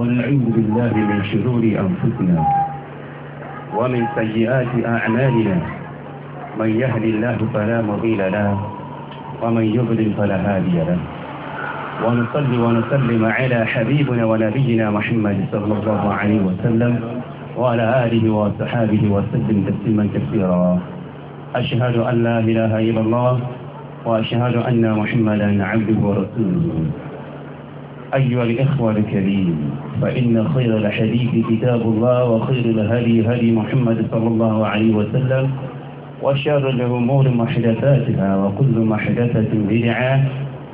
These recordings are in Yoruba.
ونعوذ بالله من شرور أنفسنا ومن سيئات أعمالنا من يهدي الله فلا مضل له ومن يضلل فلا هادي له ونصلي ونسلم على حبيبنا ونبينا محمد صلى الله عليه وسلم وعلى آله وصحابه وسلم تسليما كثيرا أشهد أن لا إله إلا الله وأشهد أن محمدا عبده ورسوله أيها الإخوة الكريم فإن خير الحديث كتاب الله وخير الهدي هدي محمد صلى الله عليه وسلم وشر الأمور محدثاتها وكل محدثة بدعة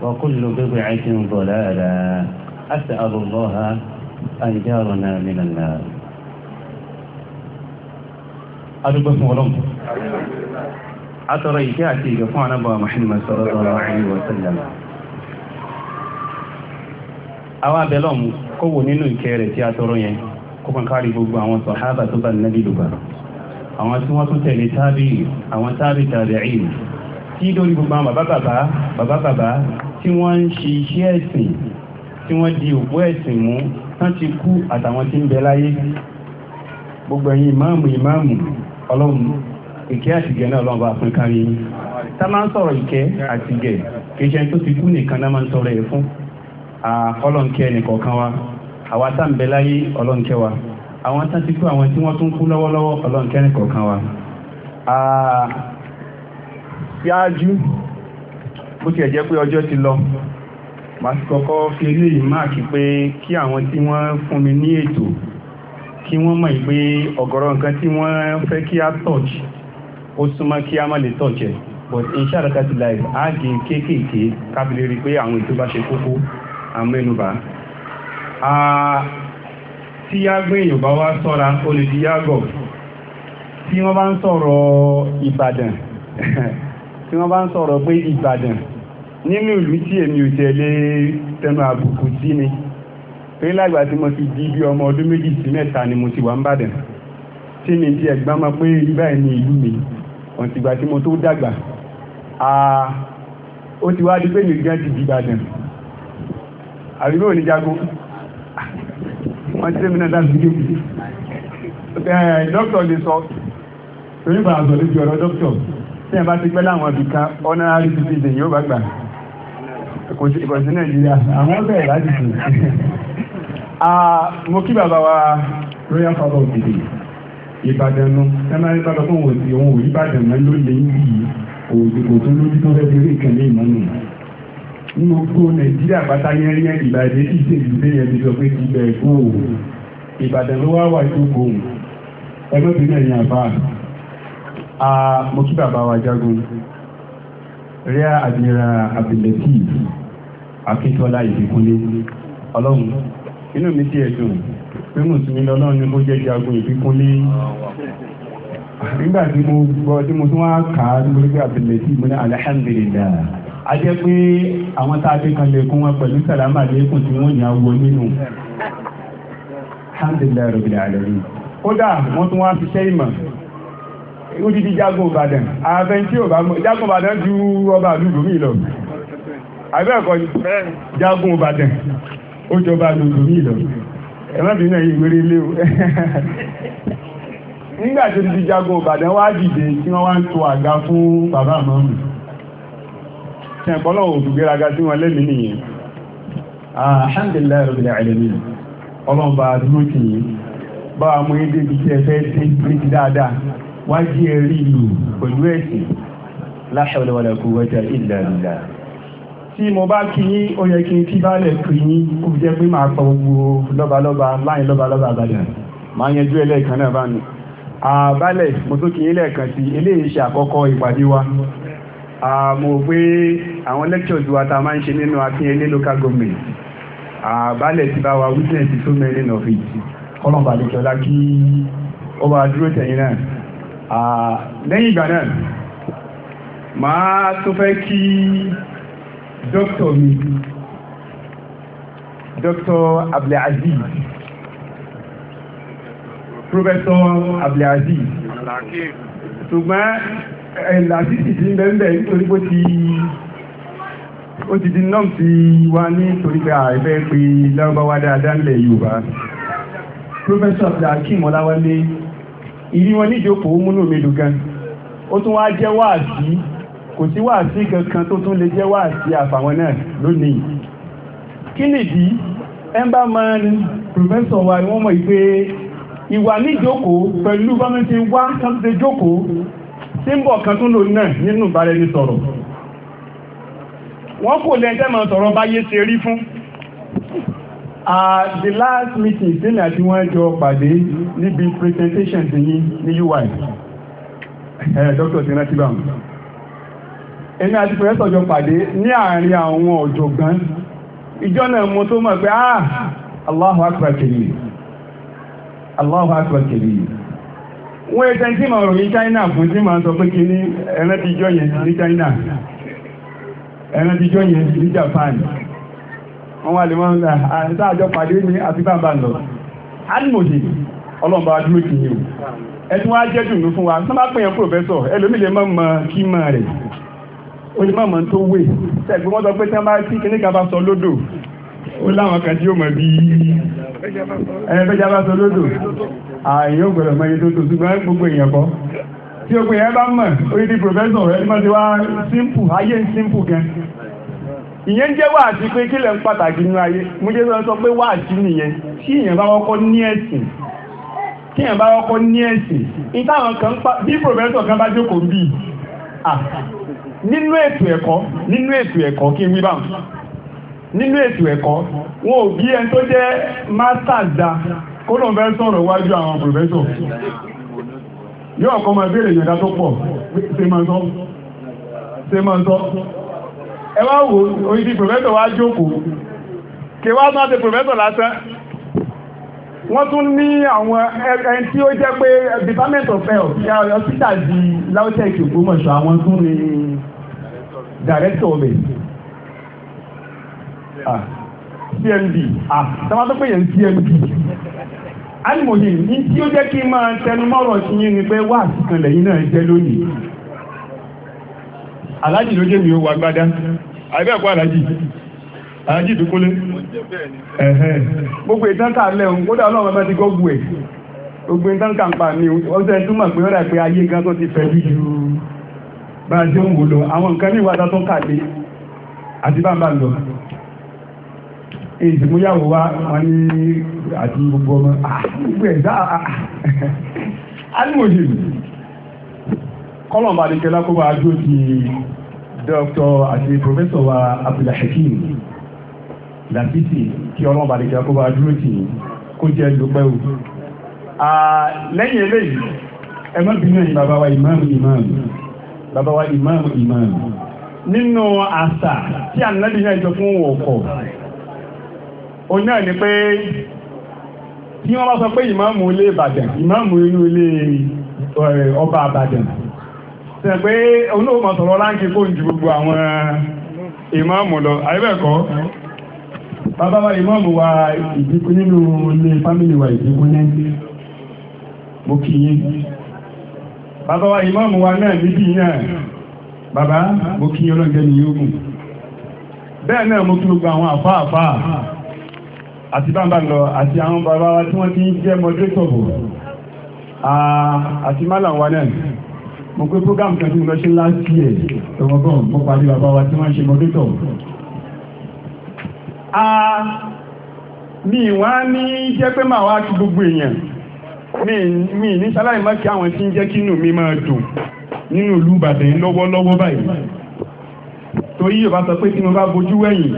وكل بضعة ضلالة أسأل الله أن جارنا من النار أرجو اسم atọrọ ìkẹ́ àti ìgẹ̀ fún anábọ̀ Muhammad sallallahu alaihi wa sallam àwọn abẹ́lọ́ mu kó wò nínú ìkẹ́ rẹ̀ tí atọrọ yẹn kó kàn kárí gbogbo àwọn sàhábà tó bá nàbí lùbà àwọn tí wọ́n tún tẹ̀lé tábì àwọn tábì tabi'in tí lórí gbogbo àwọn bàbá bàbá bàbá bàbá tí wọ́n ń ṣe iṣẹ́ ẹ̀sìn tí wọ́n di òpó ẹ̀sìn mú tán ti kú àtàwọn tí ń bẹ láyé gbogbo ẹ̀yin ìmáàmù ìmáàmù ọlọ́run ìkẹ́ àtìgẹ̀ náà lọ́wọ́ bá fún kárí yín tá máa ń sọ̀rọ̀ ìkẹ́ àtìgẹ̀ kìí ṣe tó ti kú nìkan náà máa ń sọ̀rọ̀ ẹ̀ fún ọlọ́nkẹ́ nìkọ̀ọ̀kan wa àwa tá ń bẹ láyé ọlọ́nkẹ́ wa àwọn tá ti kú àwọn tí wọ́n tún kú lọ́wọ́lọ́wọ́ ọlọ́nkẹ́ nìkọ̀ọ̀kan wa. ṣáájú bó tiẹ̀ jẹ́ pé ọjọ́ ti lọ màá ti kọ́kọ́ fi eléyìí máàkì pé kí àwọn tí wọ́n fún mi ní ètò kí wọ́n mọ̀ pé ọ̀gọ̀rọ̀ nǹkan tí wọ́n fẹ́ kí á tọ̀jì ó súnmọ́ kí a má lè tọ̀jẹ̀ but inshallah kati life á gé kéékèèké kábílẹ̀ rí pé àwọn ètò bá ṣe kókó àmẹ́nubà. tí yágbẹ́ èèyàn bá wá sọ́ra ó lè di yágọ̀ tí wọ́n bá ń sọ̀rọ̀ Ìbàdàn tí wọ́n bá ń sọ̀rọ̀ pé Ìbàdàn nínú ìlú tí èmi ò tẹ̀lé tẹnu àbùkù sí ni pé lágbà tí mo ti di bí ọmọ ọdún méjì sí mẹ́ta ni mo ti wà ń bàdàn tí mi ti ẹ̀gbọ́n mọ̀ pé ibà ẹ̀ ìlú mi ọ̀tìgbà tí mo tó dàgbà ó ti wá di pé nìkan ti di Ìbàdàn àbíbí ò ní jago wọ́n ti sẹ́mi náà dá sí dókítà lè sọ torí bàá sọ lójú ọ̀rọ̀ dókítà tí ẹ bá ti pẹ́ láwọn ibì kan honorary citizen ìdè yóò bá gbà kò sí ìkọ̀sí Nàìjíríà àwọn bẹ̀rẹ̀ láti sùn. mo kí bàbá wa royal father of the day. Ìbàdàn nu ẹnlá yẹn bàtà fún òsì òun òwò Ìbàdàn náà ló lè ń bì í òsì kò tún lójú tó fẹ́ẹ́ fi kàn ní ìmọ̀nù. Nínú gbó Nàìjíríà pátá yẹn yẹn Ìbàdàn tí ìṣèlú dé yẹn ti sọ pé ti bẹ̀ kó o Ìbàdàn ló wá wà tó gbòòm ẹgbẹ́ tó yẹn yàn bá a mo kí bàbá wa jagun Rear Admiral Abdulateef Akíntọ́lá Ìbíkúnlé ọlọ́run inú mi ti ẹ̀ dùn pé mùsùlùmí lọ́lọ́run ni mo jẹ́ jagun ìbíkúnlé nígbà tí mo gbọ́ tí mo tún wá kà á tí mo rí pé àbẹ̀lẹ̀ tí mo ní alhamdulillah a jẹ́ pé àwọn tá a fi kan lè kún wọn pẹ̀lú sàlámà lẹ́kùn tí wọ́n ní awọ nínú alhamdulillah rabbil alamin kódà wọ́n tún wá fi ṣẹ́ ìmọ̀ ó ti di jagun ìbàdàn àfẹnjí jagun ìbàdàn ju ọba àdúgbò mi lọ àbẹ́ẹ̀kọ́ jagun ìbàdàn ó jọba àdúgbò lọ ẹ̀mọ́bìnrin náà yìí wéré lé o nígbà tó ti jagun Ìbàdàn wá dìde tí wọ́n wá ń to àga fún bàbá àmọ́mù tí ẹ̀kọ́ lọ́wọ́ òdùgbéraga tí wọ́n lẹ́mìí nìyẹn alhamdulilayi rabbil alamin ọlọ́run bá dúró tì yín bá wa mú yín débi tí ẹ fẹ́ dé bíríkì dáadáa wá jí ẹ rí ìlú pẹ̀lú ẹ̀sìn la hawla wala quwwata illa billah tí mo bá kí yín ó yẹ kí n kí baálẹ̀ kí yín ó fi jẹ́ pé màá pa gbogbo lọ́balọ́ba láyìn lọ́balọ́ba àbàdàn màá yanjú ẹ lẹ́ẹ̀kan náà bá mi. àbálẹ̀ mo tún kí yín lẹ́ẹ̀kan sí eléyìí ṣe àkọ́kọ́ ìpàdé wa. mo pé àwọn lectures wa tá máa ń ṣe nínú akínyẹlé local government àbálẹ̀ ti bá wa witness so many of it kọ́nà bàdékọ́lá kí ó bá dúró tẹ̀yìn náà. lẹ́yìn ìgbà náà màá tún fẹ́ kí dókítọ̀ mi dókítọ̀ Abdulaziz pírọfẹ́sọ̀ Abdulaziz ṣùgbọ́n ẹ̀làzíìsì eh, ti ń bẹ́ẹ̀ bẹ́ẹ̀ nítorí pé ti ó ti di nọ́ọ̀mù ti wá nítorí pé àìfẹ́ pé lárúbáwá dáadáa ńlẹ̀ Yorùbá pírọfẹ́sọ̀ Abdulakim Ọláwálé ìrí wọn níjókòó múnú mi dùn gan ó tún wá jẹ́ wáàsí kò sí wáàsí kankan tó tún lè jẹ́ wáàsí àfàwọn náà lónìí kí nìdí ẹnbà máa ń pòfẹ́sọ̀ wa wọ́n mọ̀ pé ìwà níjókòó pẹ̀lú bámi ti wá kan ti jókòó tí ń bọ̀ kan tún lò náà nínú ìbáraẹnisọ̀rọ̀ wọ́n kò lẹ́ńtẹ́ máa sọ̀rọ̀ báyé ṣe rí fún the last meeting sínú àti wọ́n jọ pàdé níbi presentation ti yín ní ui Dr. sinatiba èmi àti pẹ̀lẹ́tọ̀ jọ pàdé ní àárín àwọn ọ̀jọ̀gbọ́n ìjọ náà mo tó mọ̀ pé ah Allahu akbar kiri Allahu wọ́n ẹ̀ tẹ́ntì China fún tí sọ pé kí ní yẹn ní China ẹ̀rẹ́dìjọ́ yẹn ní Japan wọ́n wà lè ah, a ń ta àjọ pàdé ní àti bàbá lọ alimoji ọlọ́mọba dúró kìí o wa sọ́n oye má mọ̀ tó wè ṣẹ̀gbọ́n wọ́n sọ pé tí wọ́n bá tí kíní kan bá sọ lódò ó láwọn kan tí ó mọ̀ bí ẹ̀ẹ́dẹ́gbẹ́já bá sọ lódò àyè ó gbọ́dọ̀ mọ iye tó tó ṣùgbọ́n gbogbo èèyàn kọ́ tí o pè yẹn bá mọ̀ oye di professor rẹ má ti wá simple ayé ń simple gan ìyẹn jẹ́ wáàsí pé kílẹ̀ ń pàtàkì nínú ayé mo jẹ́ sọ pé wáàsí nìyẹn tí èèyàn bá kọ́kọ́ ní ẹ̀sìn tí èèyàn bá kọ́kọ́ ní ẹ̀sìn ní táwọn kan bí professor kan bá jókòó bíi nínú ètò ẹ̀kọ́ nínú ètò ẹ̀kọ́ kí n wí báwọn nínú ètò ẹ̀kọ́ wọn ò bí ẹni tó jẹ́ masters da kó lóun fẹ́ sọ̀rọ̀ wájú àwọn professor yóò kọ́ máa béèrè yọ̀dá tó pọ̀ ṣe máa sọ ṣe máa sọ ẹ wá wò oyin ti professor wá jókòó kí wá tún á ti professor lásán wọ́n tún ní àwọn ẹni tí ó jẹ́ pé department of health ya ọ̀yọ́ síta di LAUTECH Ògbómọ̀ṣọ́ àwọn tún ní director mi, ah cmd ah sábà tó pè yẹn cmd alimohi ní tí ó jẹ́ kí n máa tẹnu si sí yín ni pé wá àsìkan lẹ́yìn náà jẹ́ lónìí ló jẹ́ mi ó wà gbádá àbẹ́ ẹ̀kọ́ aláàjì aláàjì ìdúkúlé gbogbo ìtànkà lẹ́hùn kódà ọlọ́run bá ti gọ́gù ẹ̀ gbogbo ìtànkà ń pa mi ọ̀sẹ̀ pé bá a jọ ń wò lọ àwọn nǹkan ní ìwádà tó kàdé àti bá ń bá lọ èyí tí mo yàwó wa wọn ní àti gbogbo ọmọ gbogbo ẹ̀ alimọ̀jì kọ́lọ̀ máa lákòbá ajó ti dọ́kítọ̀ àti pòfẹ́sọ̀ wa Abdulhakeem làbísì kí ọlọ́run bàdé kíá kó bá dúró tì í kó jẹ́ lópẹ́ o. lẹ́yìn eléyìí ẹ má bínú ẹ̀yin bàbá wa ìmáàmù ìmáàmù bàbá wa ìmáàmù ìmáàmù nínú àṣà tí ànábì náà jọ fún ọkọ̀ òun náà ni pé tí wọ́n bá sọ pé ìmáàmù ilé Ìbàdàn ìmáàmù inú ilé ọba Ìbàdàn sọ pé òun náà mọ̀ sọ̀rọ̀ láǹkì kó ju gbogbo àwọn ìmáàmù lọ àyẹ́bẹ̀kọ́ bàbá wa ìmáàmù wa ìdíkú nínú ilé fámìlì wa ìdíkú bàbá wa ìmáàmù wa náà níbí náà bàbá mo kí ọlọ́jẹ́ ni yóò gùn bẹ́ẹ̀ náà mo kí gbogbo àwọn àfáàfá àti bàbá lọ àti àwọn bàbá wa tí wọ́n ti ń jẹ́ mọ́détọ̀bù àti málà wa náà mo pé program kan tí mo lọ ṣe last year mo pàdé bàbá wa tí wọ́n ṣe mọ́détọ̀bù mi wá ní jẹ́ pé màá wá ti gbogbo èèyàn mi ní sáláì má kí àwọn tí ń jẹ́ kí inú mi máa dùn nínú ìlú Ìbàdàn lọ́wọ́lọ́wọ́ báyìí torí Yorùbá sọ pé tí mo bá bojú wẹ̀yìn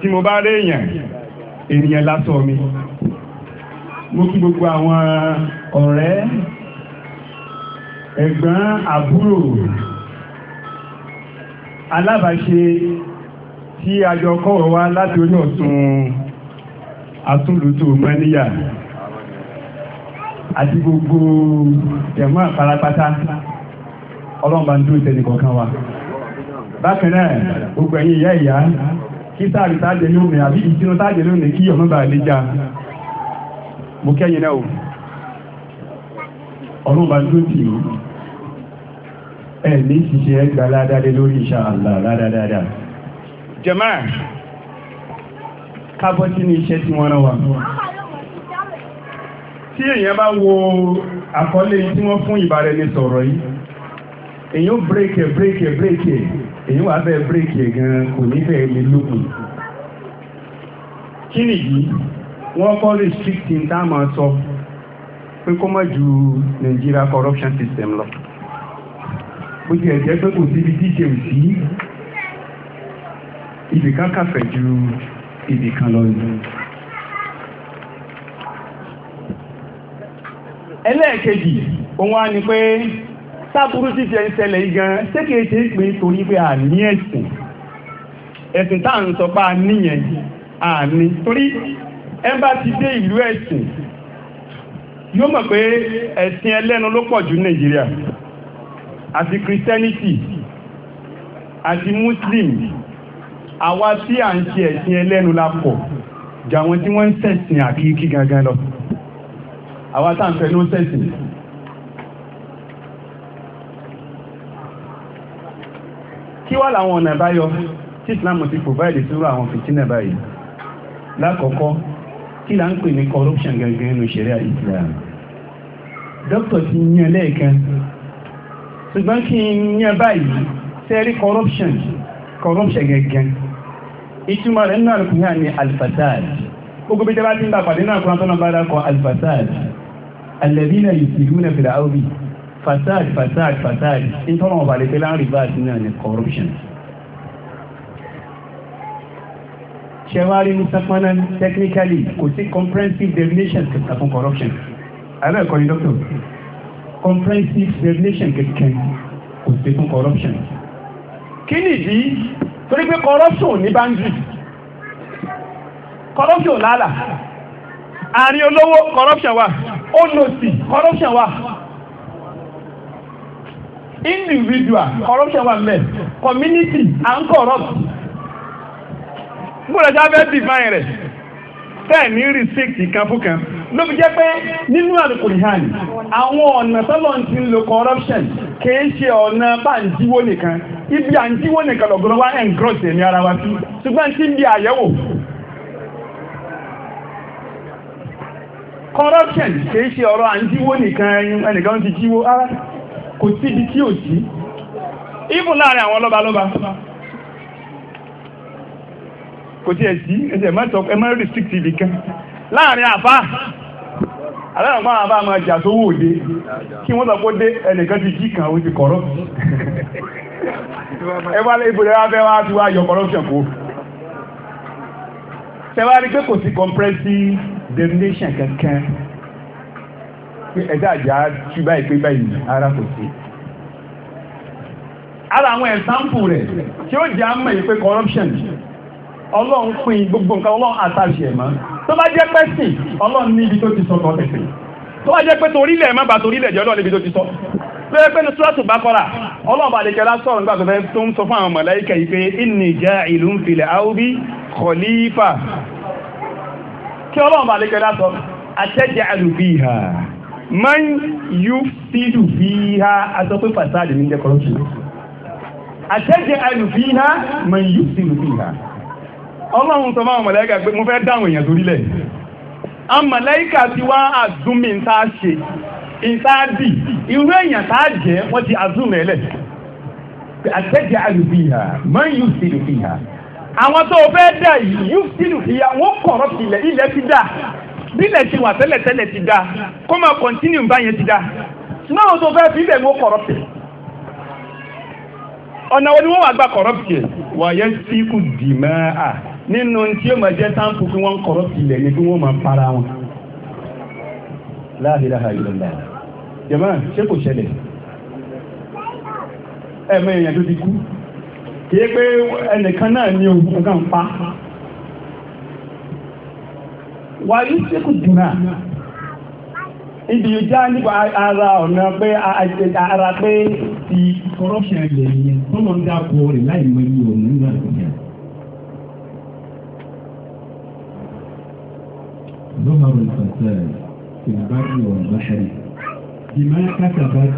tí mo bá rí èèyàn ènìyàn lásán mi mo kí gbogbo àwọn ọ̀rẹ́ ẹ̀gbọ́n àbúrò alábàáṣe tí a jọ kọ̀wọ̀ wá láti orí ọ̀tún atúlùtò mẹ́níyà. àti gbogbo jẹ̀mọ́ àparapata ọlọ́run ń dúró wa. bákan gbogbo ẹ̀yin ìyá ìyá kí sáàrì sáàjẹ ní òmìnira àbí ìtinú sáàjẹ ní òmìnira kí ọmọ bàa lè já mo kẹ́yìn náà o ọlọ́run ń dúró tì í ní ṣiṣẹ́ lórí tí èèyàn bá wo àkọlé tí wọ́n fún ìbáraẹnisọ̀rọ̀ yìí èèyàn bírèkì bírèkì bírèkì èèyàn wà bẹ́ẹ̀ bírèkì gan kò ní bẹ́ẹ̀ lè lókun kí nìyí wọ́n kọ́ restricting tá a máa sọ pé kó má ju Nigeria corruption system lọ bó tilẹ̀ jẹ́ pé kò síbi díje sí ibìkan kàfẹ́ ju ibìkan lọ yìí. ẹlẹ́ẹ̀kejì òun wá ní pé sábúrú sì ti ẹ̀ ń ṣẹlẹ̀ yìí gan ṣé kìí ṣe é pé torí pé a ní ẹ̀sìn ẹ̀sìn tá à ń sọ pé a níyẹn a torí ẹ bá ti dé ìlú ẹ̀sìn yóò mọ̀ pé ẹ̀sìn ẹlẹ́nu ló pọ̀ jù Nàìjíríà àti Christianity àti Muslim àwa tí à ń ṣe ẹ̀sìn ẹlẹ́nu la pọ̀ jù àwọn tí wọ́n ń ṣẹ̀sìn àkíkí gangan lọ àwa tá à ń fẹnu sẹ́sìn. kí wá làwọn ọ̀nà àbáyọ tí Islam ti provide sírò àwọn fìtínà báyìí lákọ̀ọ́kọ́ kí là ń pè ní corruption gangan nínú ṣẹ̀ríà Islam dókítà ti yan lẹ́ẹ̀kan ṣùgbọ́n kí n yan báyìí sẹ́rí corruption corruption gangan ìtumọ̀ rẹ̀ nínú àlùkùnrin àní alifasad gbogbo bí jẹ́ bá ti ń bá pàdé náà kúrò àtọ́nà bá dákọ̀ alifasad alẹ́dínà yusufuna fìlà áwùbí fasad fasad fasad nítorí wọn balẹ̀ pé láàrin bá a ti náà ní corruption. ṣẹ́wárí mustapha technically kò sí comprehensive definition kẹta fún corruption. àbẹ́ ẹ̀kọ́ ni doctor comprehensive definition kẹ̀kẹ́ kò sí fún corruption. kí nìdí torí pé corruption ní boundary corruption lálà àárín olówó corruption wà. ó lò corruption wà individual corruption wà mẹ́ community and corrupt gbọ́dọ̀ tí re fẹ́ define rẹ̀ ní receipt kan ló fi jẹ́ pé nínú àlùkùnrin àwọn ọ̀nà tọ́lọ̀ ti lo corruption kìí ibi à ń jíwó nìkan lọ̀gọ́dọ̀ wá engross ẹ̀mí ara wa sí corruption kìí ṣe ọ̀rọ̀ à ń jíwó nìkan ẹnìkan ti jíwó ara kò síbi tí ò sí even láàrin àwọn lọ́balọ́ba kò tí ẹ̀ sí ẹsẹ̀ mẹ́tọ́ ẹ restrictive kan láàrin àfá àlẹ́nàmọ́ àfá máa jà tó wò dé kí wọ́n sọ pé dé ẹnìkan ti jí kan ó ti ẹ yọ corruption kó. tẹwárí pé kò sí compressive denomination kankan pé ẹ̀dá àjà tú báyìí pé báyìí ara kò sí. ara àwọn ẹ̀sáǹpù rẹ̀ tí ó jẹ́ àmọ̀ yìí pé corruption ọlọ́run pín gbogbo nǹkan ọlọ́run àtàṣe ẹ̀ mọ́ tó bá jẹ́ pẹ́sìn ọlọ́run ní ibi tó ti sọ̀tọ̀ tẹ̀sìn tó wá jẹ́ pé torílẹ̀ má ba torílẹ̀ jẹ́ ọlọ́run níbi tó ti sọ pé pé ní sùúrátù Bákọ́rà ọlọ́run bá àdékẹ́ lá sọ̀rọ̀ nígbà tó fẹ́ tó ń sọ fún àwọn màláíkà yìí pé inni ja'ilun fil ardi khalifa kí ọlọ́run bá àdékẹ́ lá sọ ataj'alu fiha man yufsidu fiha aṣọ pé fasadi ní jẹ́ corruption ataj'alu fiha man yufsidu fiha ọlọ́run sọ fún àwọn màláíkà pé mo fẹ́ dáhùn èèyàn torílẹ̀ amọ̀lẹ́yìká ti wá àzúmi ntá ṣe ntá dì irú èèyàn tá a jẹ́ wọ́n ti àzúmi ẹlẹ̀ àtẹ̀jẹ́ àlùfíà máa ń yù sí ìlùfíà àwọn tó o fẹ́ dà yìí yù sí ìlùfíà wọ́n kọ̀rọ̀ tilẹ̀ ilẹ̀ ti dà bílẹ̀ ti wà tẹ́lẹ̀tẹ́lẹ̀ ti dà kó máa kọ̀ntínú bá yẹn ti dà ṣùgbọ́n àwọn tó o fẹ́ fi ilẹ̀ wọ́n kọ̀rọ̀ tilẹ̀ ọ̀nà wo ni wọ́n wà gbà kọ̀rọ̀ tilẹ̀ wà yẹn síkù dìmọ́ à nínú tí ó máa jẹ́ sáǹpù kí wọ́n kọ̀rọ̀ tilẹ̀ ni kí wọ́n máa para wọn. La ilaha illallah jẹ̀mọ́ ṣé kò ṣẹlẹ̀ ẹ̀mọ èèyàn tó ti kú kìí pé ẹnìkan náà ní ohun kan pa wàyí ṣé kò dùnà ibi ìjà nípa ara ọ̀nà pé ara pé ti corruption lè yẹn tó lọ́n dá kú rẹ̀ láì mọ iye òun nígbà tó yẹ. ظهر الفساد في البر والبحر بما كسبت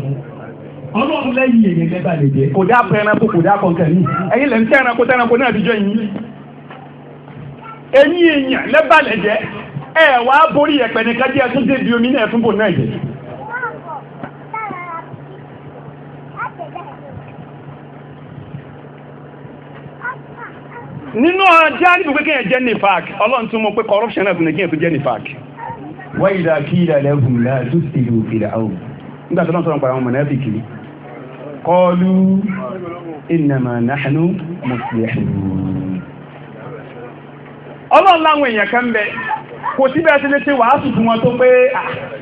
ọlọ́run lẹ́yìn èyí lẹ́bà lè jẹ́ kò dá pẹ́ ẹranko kò dá kọ̀ọ̀kan ní ẹ̀yin lẹ́yìn tí ẹranko tẹ́ranko náà ti jọ yín ẹ̀yin èèyàn lẹ́bà lè jẹ́ ẹ̀ wá borí ẹ̀pẹ̀ nìkan díẹ̀ tún débi omi náà ẹ̀túnbò náà jẹ́. nínú ọjà níbi pé kéèyàn jẹ́ Park. ọlọ́run tún mọ̀ pé corruption náà tún lè kéèyàn tún jẹ́ nifak. wọ́n yìí dáa kí ìdàlẹ́ ògùn láà tó ti lè òfìlà àwọn nígbà tó náà sọ̀rọ̀ pàrọ̀ ọmọ náà fi kiri kọlu ìnàmà nàánú mùsùlùmí. ọlọ́run láwọn èèyàn kan bẹ kò síbi ẹsẹ̀ lè ṣe wàásù fún wọn tó pé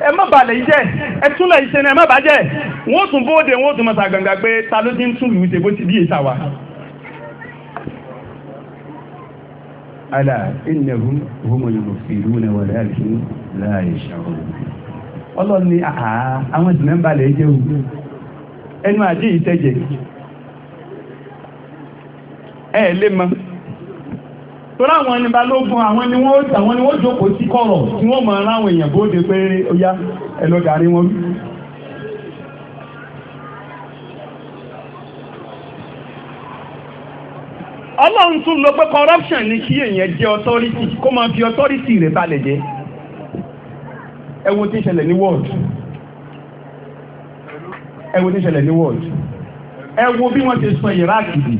ẹ má balẹ̀ yìí jẹ́ ẹ túnlẹ̀ yìí ṣe ẹ má bàjẹ́ wọ́n tún bóde tún mọ̀ta gbàngàn pé tún lù إنهم هم humul ولكن لا يشعرون. yash'urun. ọlọ́run ní àhà àwọn ìsìn mẹ́mbà lè jẹ́ òun ẹnu àdí ìtẹ́jẹ̀ ẹ̀ lé mọ́ torí àwọn ẹni balógun àwọn ni wọ́n jókòó sí kọ̀rọ̀ tí wọ́n mọ̀ ọ́n láwọn èèyàn bóde pé ó yá ẹ lọ́ọ́ darí wọn. ọlọ́run tún lọ pé corruption ni kí èèyàn jẹ́ authority kó máa fi authority rẹ̀ balẹ̀ jẹ́ ẹ wo tí ń ṣẹlẹ̀ ní world ẹ wo tí ń ṣẹlẹ̀ ní world ẹ wo bí wọ́n ti sọ Iraq dì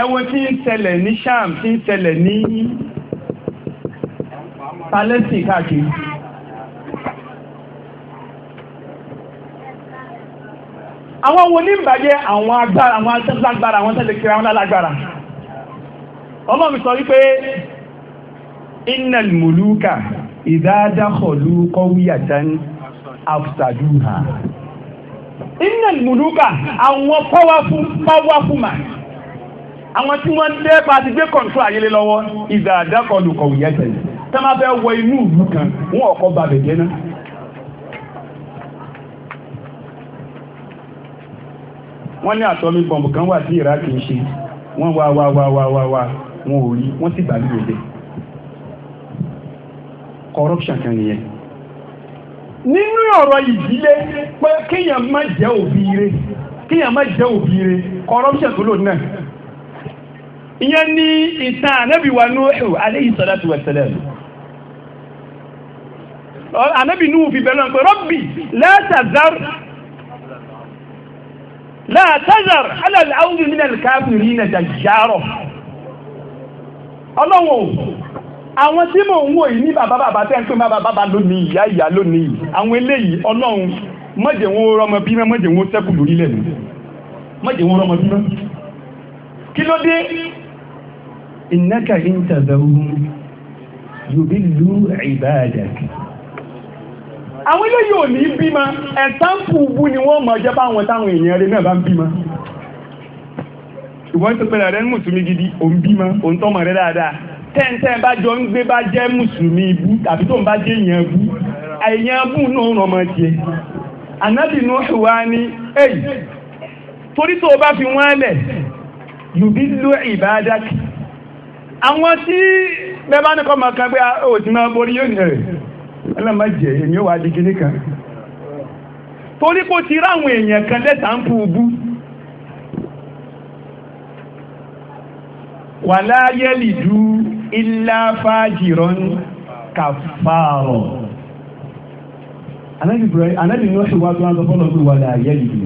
ẹ wo tí ń ṣẹlẹ̀ ní Sham tí ń ṣẹlẹ̀ ní Palestine káàkiri. àwọn wo ní ìbàjẹ́ àwọn agbára àwọn agbára àwọn tẹ́lẹ̀ kiri àwọn alágbára ọlọ́run sọ wípé innal muluka idha dakhalu qaryatan afsaduha muluka àwọn powerful powerful man àwọn tí wọ́n dé pa ti gbé kọ̀ǹtò àyẹlẹ lọ́wọ́ idha dakhalu qaryatan tẹ́ máa fẹ́ wọ inú ìlú kan wọ́n ọkọ̀ bàbẹ̀ jẹ́ náà wọ́n ní àtọ́mí bọ̀mù kan wà tí iraki ń ṣe wọ́n wá wá wá wá wá wá wọn ò rí wọ́n sì gbàgbé òde corruption kan nìyẹn. nínú ọ̀rọ̀ ìdílé pé kéèyàn má jẹ́ òbí rẹ̀ kéèyàn má jẹ́ òbí rẹ̀ corruption tó lò náà ìyẹn ní ìtàn ànábì wa Nuhu alayhi salatu wa salam ànábì Nuhu fi bẹ́ẹ̀ lọ́nà pé rọ́bì la tazar. لا tazar ala العود من min al-kafirina dajjaro ọlọ́wọ́ àwọn tí mò ń wò yìí ní bàbá bàbá tẹ́ ń pè bàbá bàbá lónìí ìyá ìyá lónìí àwọn eléyìí ọlọ́run mọ̀jẹ̀ wọn rọmọ bímọ mọ̀jẹ̀ wọn sẹ́kù lórílẹ̀ nù mọ̀jẹ̀ wọn rọmọ bímọ. kí ló dé innaka in tadhurhum yudillu ibadaka àwọn eléyìí ò ní bímọ ẹ̀sáǹpù bu ni wọ́n mọ̀ jẹ́ báwọn táwọn èèyàn rẹ̀ náà bá ń bímọ. ṣùgbọ́n tó pẹ́ẹ́rẹ́ rẹ̀ ń mùsùlùmí gidi ò ń bímọ ò ń tọ́mọ rẹ̀ dáadáa tẹ́ǹtẹ́ bá jọ ń gbé bá jẹ́ mùsùlùmí ibú tàbí tó ń bá jẹ́ èèyàn ibú èèyàn ibú náà ràn mọ́ tiẹ̀. ànábì Nuhu wá ní èyí torí tó o bá fi wọ́n lẹ̀ yùbí ló ìbáadákì àwọn tí bẹ́ẹ̀ bá ní kọ́ mọ̀ kan pé ah, ẹlẹ́mọ̀ jẹ́ èmi ò wá di kinní kan torí kó ti ráwọn èèyàn kan lẹ́tà ń pu bú. wàlá yẹ́lì dú ilá fàájìrán kàfàrọ̀. anábì ní ọ̀ṣẹ̀ wá tó ń sọ fọ́nà pé wàlá yẹ́lì dú.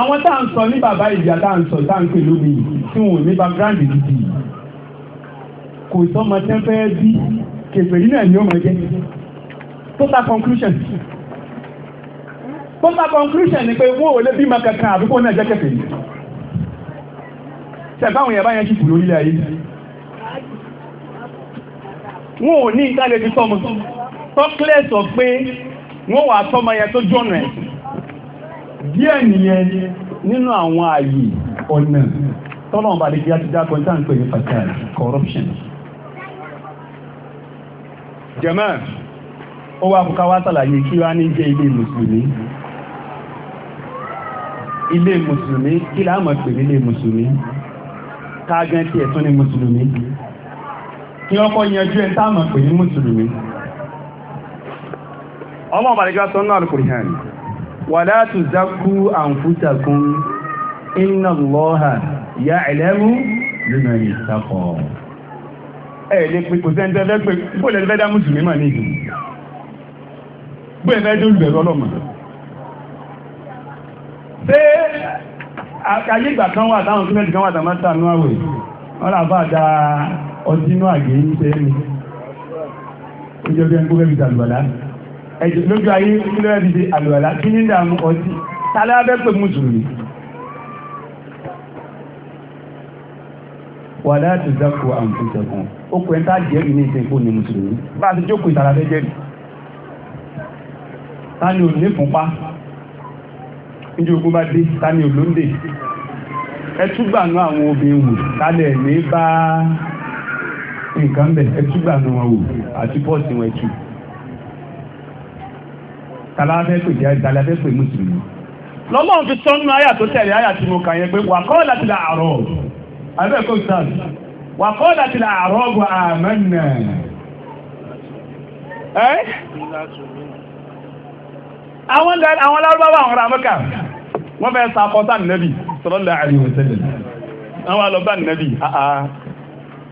àwọn tá à ń sọ ní bàbá ìjà tá à ń sọ tá à ń pè lómi tí wọn ò ní background gidi kò sọmọ tẹ́fẹ́ bí kèfèrí náà ni ó máa jẹ́ total conclusion total conclusion ni pé wọ́n ò lè bímọ kankan àbí kó náà jẹ́ kẹfẹ́ yìí ṣẹ̀fẹ́ àwọn èèyàn bá yẹn ti kù lórílẹ̀ ayé wọn ò ní nǹkan lè fi tọ́mọ tọ́kílẹ̀ sọ pé wọ́n wà tọ́mọ yẹn tó jọ̀nà ẹ̀ díẹ̀ nìyẹn nínú àwọn ààyè ọ̀nà tọ́lọ̀ ọba àdìgbé àti dákọ̀ ní táǹpẹ̀ ní corruption. jẹ́mẹ́ẹ̀ ó wá mú ká wá sàlàyé kí wá ní jẹ́ ilé mùsùlùmí ilé mùsùlùmí kí là á mọ̀ pè nílé mùsùlùmí ká gan tiẹ̀ tún ní mùsùlùmí kí wọ́n kọ́ yanjú ẹ̀ tá a mọ̀ pè ní mùsùlùmí. ọmọ ọ̀bàdàjọ́ sọ náà Al-Qur'an wala tuzakku anfusakum inna Allaha ya'lamu liman ittaqa. ẹ lè pe sẹ́ńtẹ́ lẹ́pẹ́ kó lè fẹ́ dá mùsùlùmí mọ̀ níbi gbogbo ẹ̀ náà lórí ẹ̀rọ ọlọ́mọ. ṣé ayé ìgbà kan wà táwọn kílẹ̀dì kan wà tá máa ń tànú àwẹ̀ wọn là bá da ọtí inú àgé ń ṣe é mi ojú ọjọ́ ẹni kó fẹ́ fi ṣàlùwàlá ẹ̀jẹ̀ lójú ayé kí ló fẹ́ fi ṣe àlùwàlá kí ní dààmú ọtí tálẹ́ abẹ́ pé mùsùlùmí. wàlá àti ìdáko àǹfọ̀ṣẹ̀kùn ó pẹ́ńtà jẹ́rìí ní ìsìnkú ní mùsùlùmí bá a ti jókòó ìtara fẹ́ jẹ́rìí tani ò ní fúnpá níbi ogun bá dé tani ò lóńdè ẹtúgbànú àwọn obìnrin wò tálẹ̀ ní bá nǹkan bẹ̀ ẹtúgbànú wọn wò àti pọ́ọ̀sì wọn ẹtù tàlàfẹ́ pè jẹ́ tàlàfẹ́ pè mùsùlùmí. lọ́lọ́run fi sọ́nù àyà tó tẹ̀lé àyà tí mo kà yẹn pé wà kọ́ láti la àárọ̀ abẹ́ kò sáà wà kọ́ láti la àárọ̀ bọ̀ àmọ́ nà. ẹ́ àwọn lárúbáwá àwọn ramẹ́kà wọ́n fẹ́ sàkọ́sà nẹ́bì sallallahu alaihi wasallam àwọn alọ́bà nẹ́bì àà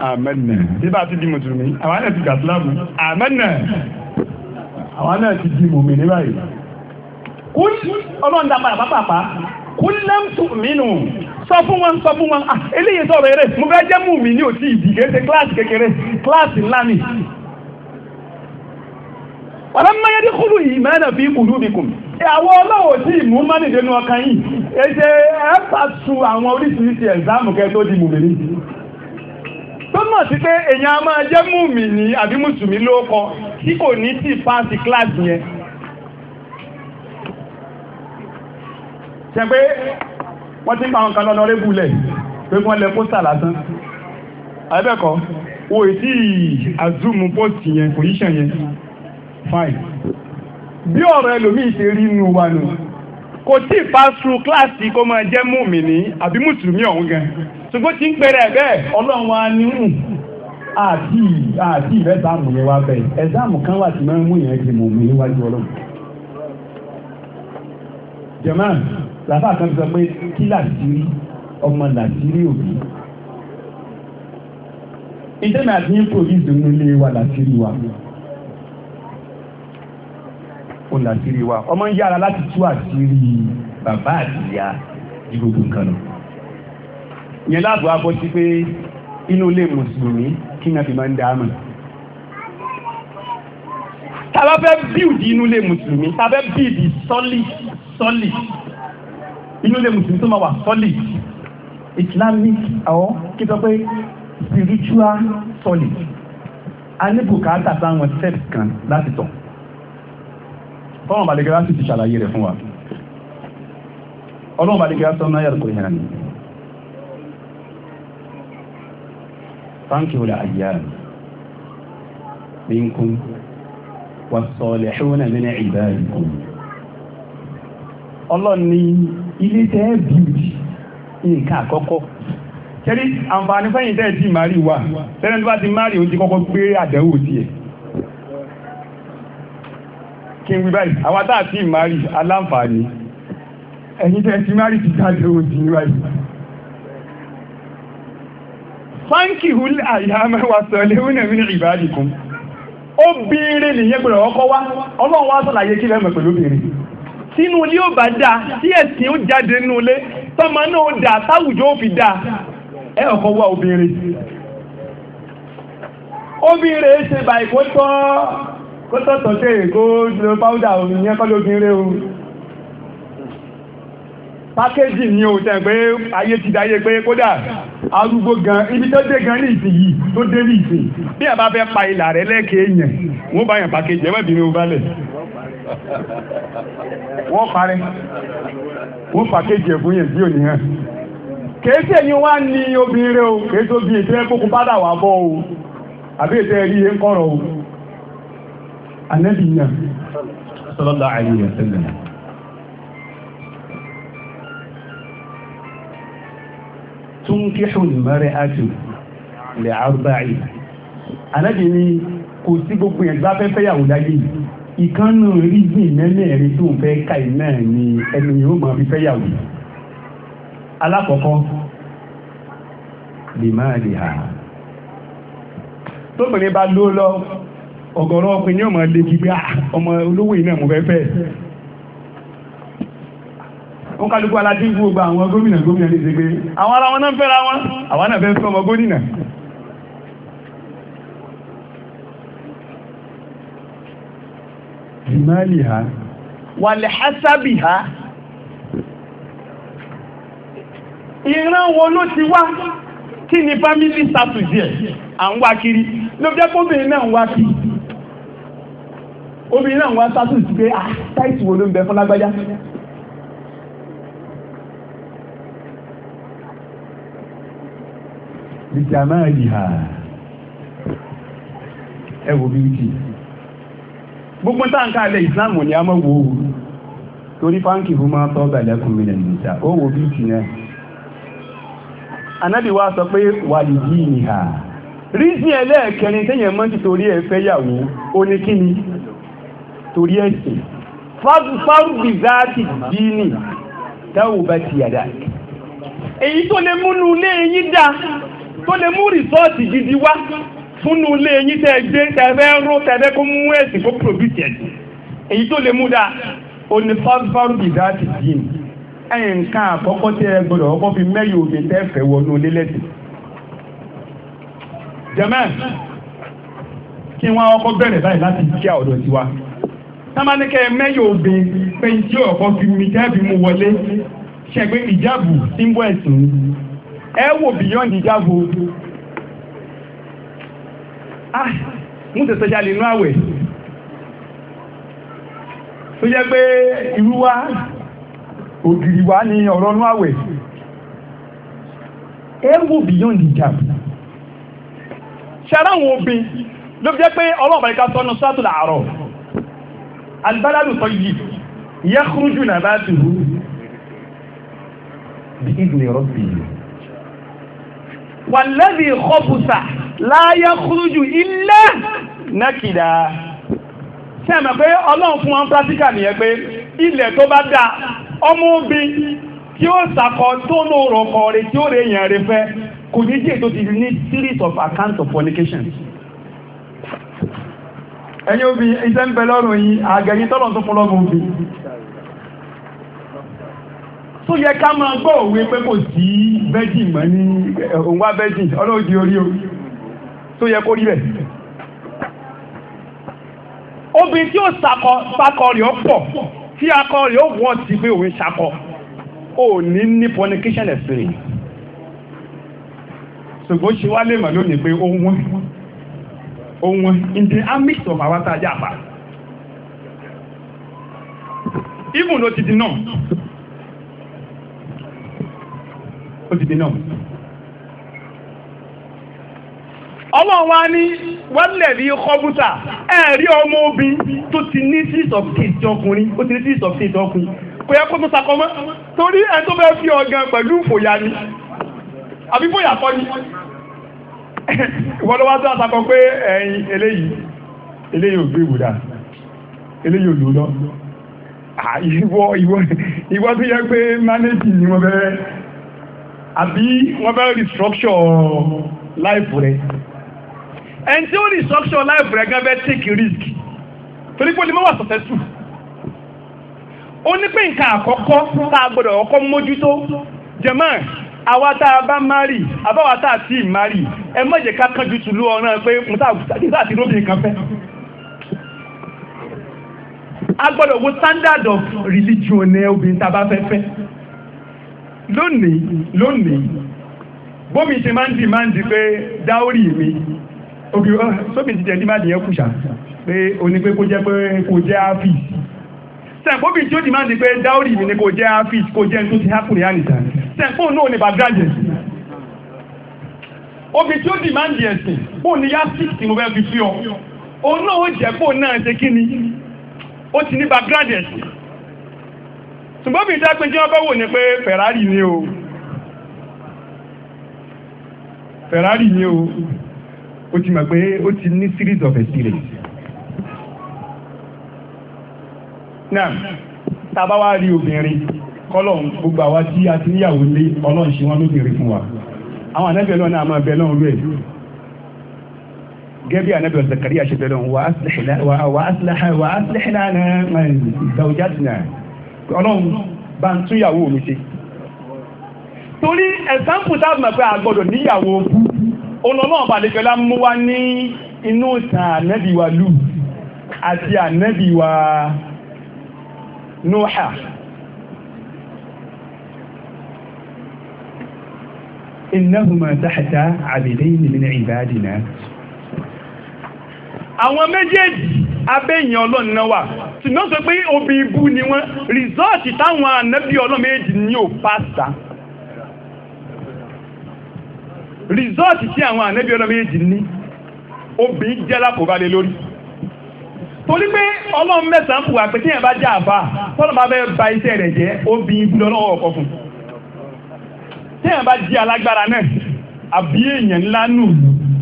àmẹ́nà tí bá ti di mùsùlùmí àwọn náà ti gà sílámù àmẹ́nà àwọn náà ti di mùmí ní báyìí kún ọlọ́run dá padà pápá kún lẹ́mtù mínú sọ fún wọn sọ fún wọn ah, eléyìí sọ̀rọ̀ eré mo fẹ́ jẹ́ mùmí ní òtí ìdí kéde kíláàsì kékeré kíláàsì ńlá ni ọlọ́mọ yẹn dínkùlù yìí mẹ́rin fi kùlù bìkùn àwọn ọlọ́wọ́ tí ìmú mọ́nì dénú ọkàn yìí èdè ẹ pàṣù àwọn oríṣiríṣi ẹ̀zámù kẹ́ tó di mùmìnì tó mọ̀ sí pé èèyàn a máa jẹ́ mùmìnì àbí mùsùlùmí ló kọ tí kò ní sí pàṣì kíláàsì yẹn ṣe pé wọ́n ti ń pa àwọn kan lọ́nà ọ̀rẹ́bù lẹ̀ pé wọ́n lẹ pósítà lásán àbẹ́bẹ̀kọ́ wo ìtì fine bí ọ̀rọ̀ ẹlòmíì ṣe rí inú wa nù kò tí ì pass through kíláàsì kó máa jẹ́ mùmìnì àbí mùsùlùmí ọ̀hún gan ṣùgbọ́n tí ń pẹ̀rẹ̀ bẹ́ẹ̀ ọlọ́run wa ní hùn àti àti ìrẹ́sàmù yẹn wá bẹ́ẹ̀ ẹ̀sàmù kan wà tí máa ń mú yẹn di mùmìnì wájú ọlọ́run jẹ̀mọ́ làbá kan sọ pé kí làṣírí ọmọ làṣírí òbí ìjẹ́mi àti yín produce nínú wa làṣírí wa ó là sírí wa ọmọ ń yára láti tú àṣírí bàbá àtìyá ju gbogbo nǹkan lọ. ìyẹn láàbò abọ́ sí pé inú ilé mùsùlùmí kí n máa ń dá àmà. tá a bá fẹ́ bíùdì inú ilé mùsùlùmí tá a fẹ́ bíùdì sọ́lì sọ́lì inú ilé mùsùlùmí tó máa wà sọ́lì islamic àwọn kí n sọ pé spiritual solid a ní bùkátà sáwọn steps kan láti tọ̀. tọ́wọ́n balẹ̀gẹ́rẹ́ sì ti ṣàlàyé rẹ̀ fún wa yàrá kò ni fáńkì wọlé àyà wà ilé tẹ́ nǹkan àkọ́kọ́ kẹ́rí àǹfààní fẹ́yìntẹ́ ti wa tẹ́lẹ̀ tó bá ti mari ó ti kọ́kọ́ gbé àdẹ́wò kí n wí báyìí àwa tá a ti mari aláǹfààní ẹ̀yin tẹ́ ẹ ti mari ti jáde òdì ní báyìí. fáńkì hul àyàmẹ́ wa sọ léwu náà ní ìbáàdì kún ó bèèrè nìyẹn gbọ́dọ̀ ọkọ wa ọlọ́run wa sọ̀làyé kí lẹ́mọ̀ pẹ̀lú obìnrin tínú ilé ò bá dáa tí ẹ̀sìn ó jáde nínú ilé tọ́mọ náà ó dáa táwùjọ ó fi dáa ẹ ọkọ wa obìnrin obìnrin ṣe bàìkó tán kó tọ̀tọ̀ sí èrè kó lo páúdà omi yẹn kọ́ lóbi rẹ o pákéjì ni o tẹ̀ pé ayé ti dáyé pé kódà arúgbó gan ibi tó dé gan ní yìí tó dé ní bí ẹ fẹ́ pa ìlà rẹ lẹ́ẹ̀kẹ́ yẹn wọ́n bá yàn pákéjì ẹ má bínú o balẹ̀ wọ́n parẹ́ wọ́n pàkéjì ẹ̀fún yẹn bí òní hàn kèétí ẹ̀yin wá ní obìnrin rẹ o kèétí obìnrin tẹ́ kókó bá wà bọ́ o àbí ètò ẹ̀rí yẹn ń kọ̀rọ̀ o ànábì náà sallallahu alaihi wa sallam. tunkihu al-mar'atu li arba'i ànábì ni kò sí gbogbo yẹn bá fẹ́ fẹ́yàwó láyé yìí ìkànnù rígbìn mẹ́mẹ́rin tó ń fẹ́ ká iná ni ẹni yóò máa fi fẹ́yàwó alákọ̀ọ́kọ́ lè máa lè hà tóbìnrin bá ló lọ ọ̀gọ̀rọ̀ ọkùnrin yóò máa legi pé ah, ọmọ olówó yìí náà mo fẹ́ fẹ́ wọn kálukú aládé ń gbogbo àwọn gómìnà gómìnà ní ìṣègbè àwọn ará wọn náà fẹ́ra wọn àwọn náà fẹ́ fẹ́ ọmọ gómìnà. jimali ha wàlẹ̀ hasabi ha ìran wo ló ti wá kí ni family status yẹ à ń wá kiri ló jẹ́ kóbìnrin náà ń wá kiri. obìnrin náà wọ́n sátú sí pé ah táìsì wo ló ń bẹ fún lágbájá. ìjàmá ha ẹ bí gbogbo táǹkà ìsìláàmù ni a máa wo torí fáńkì fún máa tọ́ bẹ̀lẹ́kùn mi lẹ́nu ìta ó wo bí náà wa sọ pé wàlìyí ìhà rí sí ẹlẹ́ẹ̀kẹrin téèyàn mọ́ ti torí ẹ̀ fẹ́yàwó ó ní torí ẹ̀sìn fáfúfáfú bìzáàtì dínì táwọn bá ti yàrá èyí tó lè múnú ilé yín dá tó lè mú rìsọ́ọ̀tì gidi wá fúnú ilé yín tẹ́ gbé tẹ́fẹ́ ró tẹ́fẹ́ kó mú ẹ̀sìn kó pòbìtì ẹ̀sìn èyí tó lè mú dá òní fáfúfáfú bìzáàtì dínì ẹ̀yìn nǹkan àkọ́kọ́ tẹ́ ẹ gbọ́dọ̀ ọkọ́ fi mẹ́yìn òde tẹ́fẹ́ wọnú ilé lẹ́sìn jẹ́mẹ́ kí wọ́n ọkọ̀ bẹ̀rẹ̀ báyìí láti kíá ọ̀dọ̀ tiwa támánikẹ́ mẹ́yìn obìn pé tí ọ̀kọ́ fi mi jáàbì mu wọlé ṣẹ̀gbẹ́ ìjáàbù símbọ̀ ẹ̀sìn ẹ wò beyond ìjáàbù. ah mo tẹ̀sẹ̀ jalè inú àwẹ̀ tó jẹ́ pé irú wa ògiri wa ni ọ̀rọ̀ inú àwẹ̀ ẹ wò beyond ìjáàbù. ṣe ara àwọn obìn ló fi jẹ́ pé ọlọ́ọ̀bà ìka sọ́nu sọ́tò làárọ̀ albaladu tayyib yakhruju nabatuhu bi idni rabbih walladhi khabutha la yakhruju illa nakida ṣe àmọ́ pé ọlọ́run fún wọn pàtíkà nìyẹn pé ilẹ̀ tó bá dáa ọmọ obìnrin tí ó sàkọ tó lóòrò ọkọ rẹ̀ tí ó rẹ̀ yàn rẹ̀ fẹ́ kò ní jẹ́ tó ti ní series of accounts of fornication ẹ̀yin obì iṣẹ́ ń bẹ lọ́rùn yìí àgẹ̀yìn tọ́lọ̀ tó fọlọ́ mọ̀ obì tó yẹ ká máa gbọ́ òwe pé kò sí bẹ́jì mọ́ ní òun wá bẹ́jì ọlọ́ọ̀dì orí o tó yẹ kó rí bẹ̀ obì tí ó sakọ sakọ rẹ̀ ó pọ̀ tí akọ rẹ̀ ó wọ́ ti pé òun sakọ ò ní ní fornication experience ṣùgbọ́n ṣe wá lè mọ̀ lónìí pé ó wọ́n òun in the amidst of àwọn àtàjà àpá even ó ti di náà ó ti di náà. ọlọ́run wa ní wọ́lẹ̀bí kọ́bútà ẹ̀rí ọmọ obìnrin tó ti ní six of eight ọkùnrin ó ti ní six of eight ọkùnrin kò yẹ kó tó sakọ mọ́ torí ẹ̀ tó fẹ́ fi ọ̀gàn pẹ̀lú fòyà ni àbí fòyà kọ́ ni ìwọ́n ló wá tó àtakọ pé ẹ̀yin eléyìí eléyìí ò gbé ìwòdà eléyìí ò lò lọ ìwọ ìwọ ìwọ tó yẹ pé mánéjì ni wọ́n fẹ́ àbí wọ́n fẹ́ restructure life rẹ̀ ẹni tí ó restructure life rẹ̀ gan fẹ́ take risk torí pé olùmọ̀ wà successful ó ní pé nǹkan àkọ́kọ́ tá a gbọ́dọ̀ ọkọ́ mójútó jẹ̀mọ́ àwa tá a bá mari àbáwa tá a ti mari ẹ má jẹ́ ká kánjú tùlú ọ̀ràn pé mo tá àti lóbìnrin kan fẹ́. a wo standard of religion ẹ obìnrin tá a bá fẹ́ fẹ́ lónìí lónìí bómi ti máa ń dì máa ń di pé dáórì mi obìnrin uh, sóbì ti jẹ́ ní má nìyẹn kùsà pé oní pé kó jẹ́ pé kó jẹ́ áfíìsì sẹ̀kóbì tí ó dì máa ń di pé dáórì mi ni kò jẹ́ áfíìsì kò jẹ́ tó ti hákùnrin ànìtàn sẹ̀kóò náà ní bàgbájẹ obì tí ó dì máa ń di ẹ̀sìn bóun ni yá síìsì mo fẹ́ fi fi ọ òun náà ó jẹ́ bóun náà ṣe kí ni ó ti ní bàgbájẹ ẹ̀sìn ṣùgbọ́n bí ìdá pé tí wọ́n bá wò ní pé Ferrari ni o Ferrari ni o ó ti mọ̀ pé ó ti ní series of experience. náà tàbá wá rí obìnrin kọ́lọ̀ gbogbo àwa tí a ti níyàwó lé ọlọ́run ṣe wọ́n lóbìnrin fún wa àwọn ànábì ọlọ́run náà máa bẹ lọ́run rẹ̀ gẹ́bí ànábì Zakariya ṣe bẹ lọ́run wà á sílẹ̀ lánà ìdáwójátìnà ọlọ́run bá ń túnyàwó mi ṣe torí ẹ̀sánpù tá mọ̀ pé a gbọ́dọ̀ níyàwó ọlọ́run bá lè mú wa ní inú ìtàn ànábì lù àti ànábì نوحا. innahuma تحت عبدين من عبادنا. àwọn méjèèjì abẹ́yìn ọlọ́run náà wà ṣùgbọ́n sọ pé obì ibu ni wọ́n rìsọ́ọ̀tì táwọn ànábì ọlọ́run méjèèjì ní ò pàṣà rìsọ́ọ̀tì tí àwọn ànábì ọlọ́run méjèèjì ní obì jẹ́ lápò lórí torí pé ọlọ́run mẹ́sàn-án fún wa pé tí yẹn bá já àbá tọ́lọ́ bá fẹ́ ba iṣẹ́ rẹ̀ jẹ́ obìnrin ibi lọ́wọ́ ọkọ̀ fún tí yẹn bá jí alágbára náà àbí èèyàn ńlá nù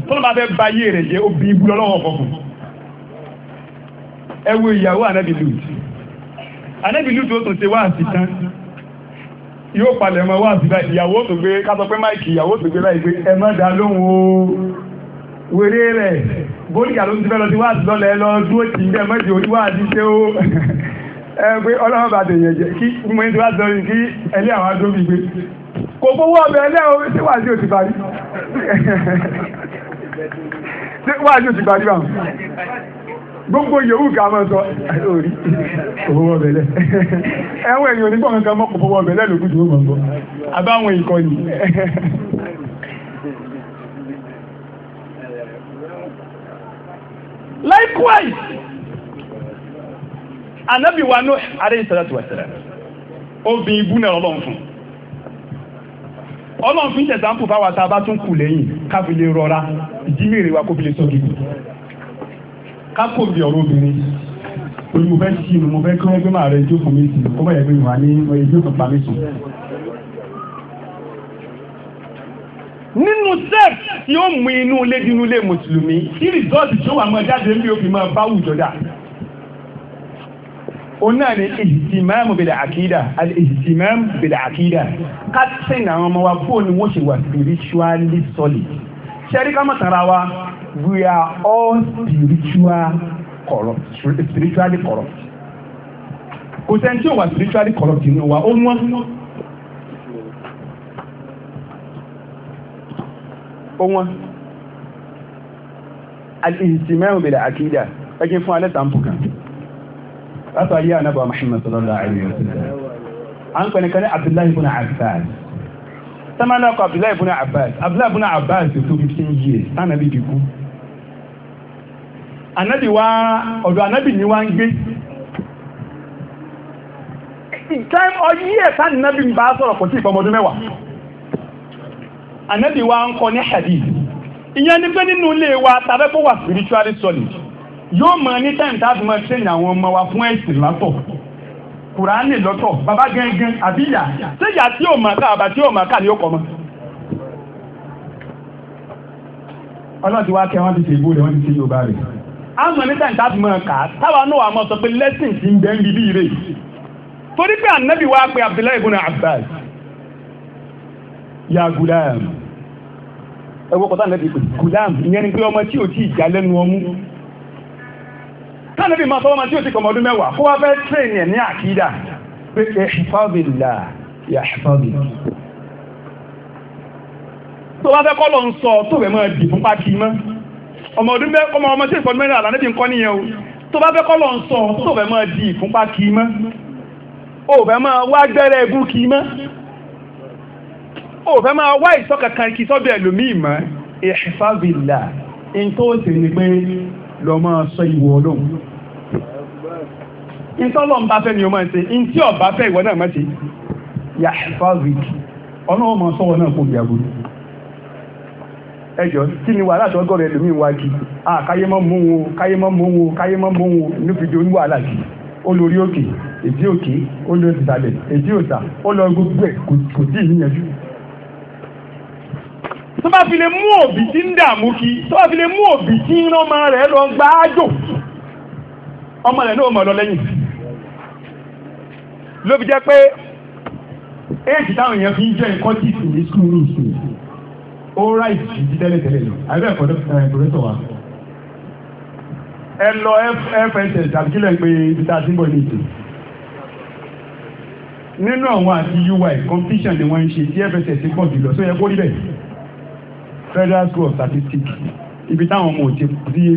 tọ́lọ́ bá fẹ́ ba iye rẹ̀ jẹ́ obìnrin ibi lọ́wọ́ ọkọ̀ fún ẹ wo ìyàwó ànábì lùt ànábì lùt ó tún ṣe wáàsí tán yóò palẹ̀ mọ́ wáàsí báyìí ìyàwó tó gbé kátó pé máìkì ìyàwó tó gbé báyìí pé ẹ má dá lóhùn wèrè rẹ̀ bóyá ló ti fẹ́ lọ sí wáàsí lọ́lẹ̀ lọ dúró tì í bẹ́ẹ̀ mọ́tì orí wáàsí ṣé ó ẹ pé ọlọ́run bá tẹ̀yẹ̀ jẹ́ kí mo ní ti wáàsí lọ́lẹ̀ kí ẹlẹ́ àwọn adó mi gbé kò fowó ọbẹ̀ ẹlẹ́ o ṣé wáàsí ò ti parí ṣé wáàsí ò ti parí báwọn gbogbo yòówù ká máa sọ orí owó ọbẹ̀lẹ̀ ẹ̀wọ̀n èèyàn onígbọ̀n kan mọ́ kò fowó ọbẹ̀lẹ̀ lókùtù ó mọ̀ bọ́ abáwọn ìkọni likewise anabi wa Nuh alayhi salatu wa salam obìnrin ibú náà ọlọ́run fún ọlọ́run fún ìṣẹ̀sáǹpù fáwọn tá a bá tún kù lẹ́yìn káfí lè rọra ìdímèrè wa kó fi lè sọ gidi kákòbí ọ̀rọ̀ obìnrin orí mo fẹ́ sí inú mo fẹ́ kí wọ́n gbé màá rẹ ìjókòó mi sí kó bá yẹ pé ìwà ní ìjókòó pa mi sùn. nínú sẹ́ẹ̀f yóò mú inú ilé dínú ilé mùsùlùmí kí rìsọ́ọ̀tì tó wà mọ́ jáde ń bí ó fi máa bá wùjọ dà òun náà ni ìhìtìmáàmù bẹ̀rẹ̀ àkídà ìhìtìmáàmù bẹ̀rẹ̀ àkídà captain àwọn ọmọ wa fóònù wọ́n ṣe wà spiritually solid ṣẹ́rí ká mọ̀ tara wa we are all spiritual corrupt spiritually corrupt kò sẹ́ni tí ò wà spiritually corrupt nínú wa ó wọ́n. a wọ́n al-ihtimam bil àkídà ẹgbẹ́ fún alẹ́ tàǹpù kan látàrí anaba mahimman sallallahu alayhi wa sallam à ń pẹ̀lẹ́ Abdullahi ibn Abbas sẹ́mánà ọkọ̀ Abdullahi na Abbas Abdullahi ibn Abbas tó fifteen years tánàbí ti kú anabi wa ọ̀dọ̀ anabi ni wa ń gbé time ọyí ẹ̀ sánàbí ń bá sọ̀rọ̀ kò tí ì pọ̀ ànábì wa ń kọ́ ní hadith ìyẹn ni pé nínú ilé wa tàbí kó wà spiritually solid yóò mọ ní time tá a fi mọ train àwọn ọmọ wa fún ẹ̀sìn látọ̀ kùránì lọ́tọ̀ bàbá gangan àbí ìyá ṣé ìyá tí ò mọ̀ ká àbá tí ò mọ̀ ká ni ó kọ́ mọ́. ọlọ́run ti wá kẹ́ wọ́n ti ṣe ìbú rẹ̀ wọ́n ti ṣe yorùbá rẹ̀. àwọn ní time tá a fi mọ ká táwa náà wà mọ sọ pé lesson ti ń bẹ́ẹ̀ ń bíbí rè torí pé ànábì wa pé Abdullahi ibn Abbas ya gulam ẹwọ́ kọ́tà nẹ́bí gulam ìyẹn ni pé ọmọ tí ò tí ì já lẹ́nu ọmú kánẹ́bí máa fọwọ́ ọmọ tí ò tí kọ̀ ọmọdún kó wá fẹ́ tírẹ̀nì ẹ̀ ní àkídà pé ẹ̀ṣìfábìlà yàṣìfábìlà tó bá fẹ́ kọ́ lọ sọ tó fẹ́ máa dì fún pàtì mọ́ ọmọ ọdún bẹ́ ọmọ ọmọ tí ìfọdún mẹ́rin àlànà bí nǹkan nìyẹn o tó bá fẹ́ kọ́ lọ sọ tó fẹ́ máa dì fún pàtì mọ́ ò fẹ́ máa wá gbẹ́rẹ́ egún kì mọ́ o fẹ́ máa wá ìsọ́ kankan kí sọ́dọ̀ ẹlòmíì mọ́ ìfàbìlà ní tó ń sìn ní pé lọ́ máa sọ ìwọ ọlọ́run ní tọ́lọ́ ń bá fẹ́ ni o máa ṣe ní tí ọba fẹ́ ìwọ náà máa ṣe yahfazik ọlọ́run máa sọ́wọ́ náà kò bí aburú ẹjọ́ kí ni wàhálà tó gọ́rọ̀ ẹlòmíì wá kí káyé mọ́ mú wọn káyé mọ́ mú wọn káyé mọ́ mú wọn nífìdí oní wàhálà kí olórí òkè èdè òkè olórí ìsàlẹ̀ èdè òsà ó lọ gbogbo ẹ̀ kò tí ì níyànjú tó bá fi lè mú òbí tí ń dààmú kí tó bá fi lè mú òbí tí ń rán ọmọ rẹ̀ lọ gbá ájò ọmọ rẹ̀ náà mọ̀ lọ lẹ́yìn ló fi jẹ́ pé éèjì táwọn èèyàn fi ń jẹ́ nǹkan tí ìsìn ní sùúrù sùn ó ráìtì jí tẹ́lẹ̀tẹ́lẹ̀ lọ àbẹ́ ẹ̀kọ́ dókítà wa ẹ lọ fss àbíkílẹ̀ pé ibi tá a ti ń bọ̀ ní ìsìn nínú àwọn àti ui competition ni wọ́n ń ṣe tí fss pọ̀ jùlọ sóyẹ kó rí bẹ́ẹ̀ federal school of statistics ibi táwọn ọmọ òtí sí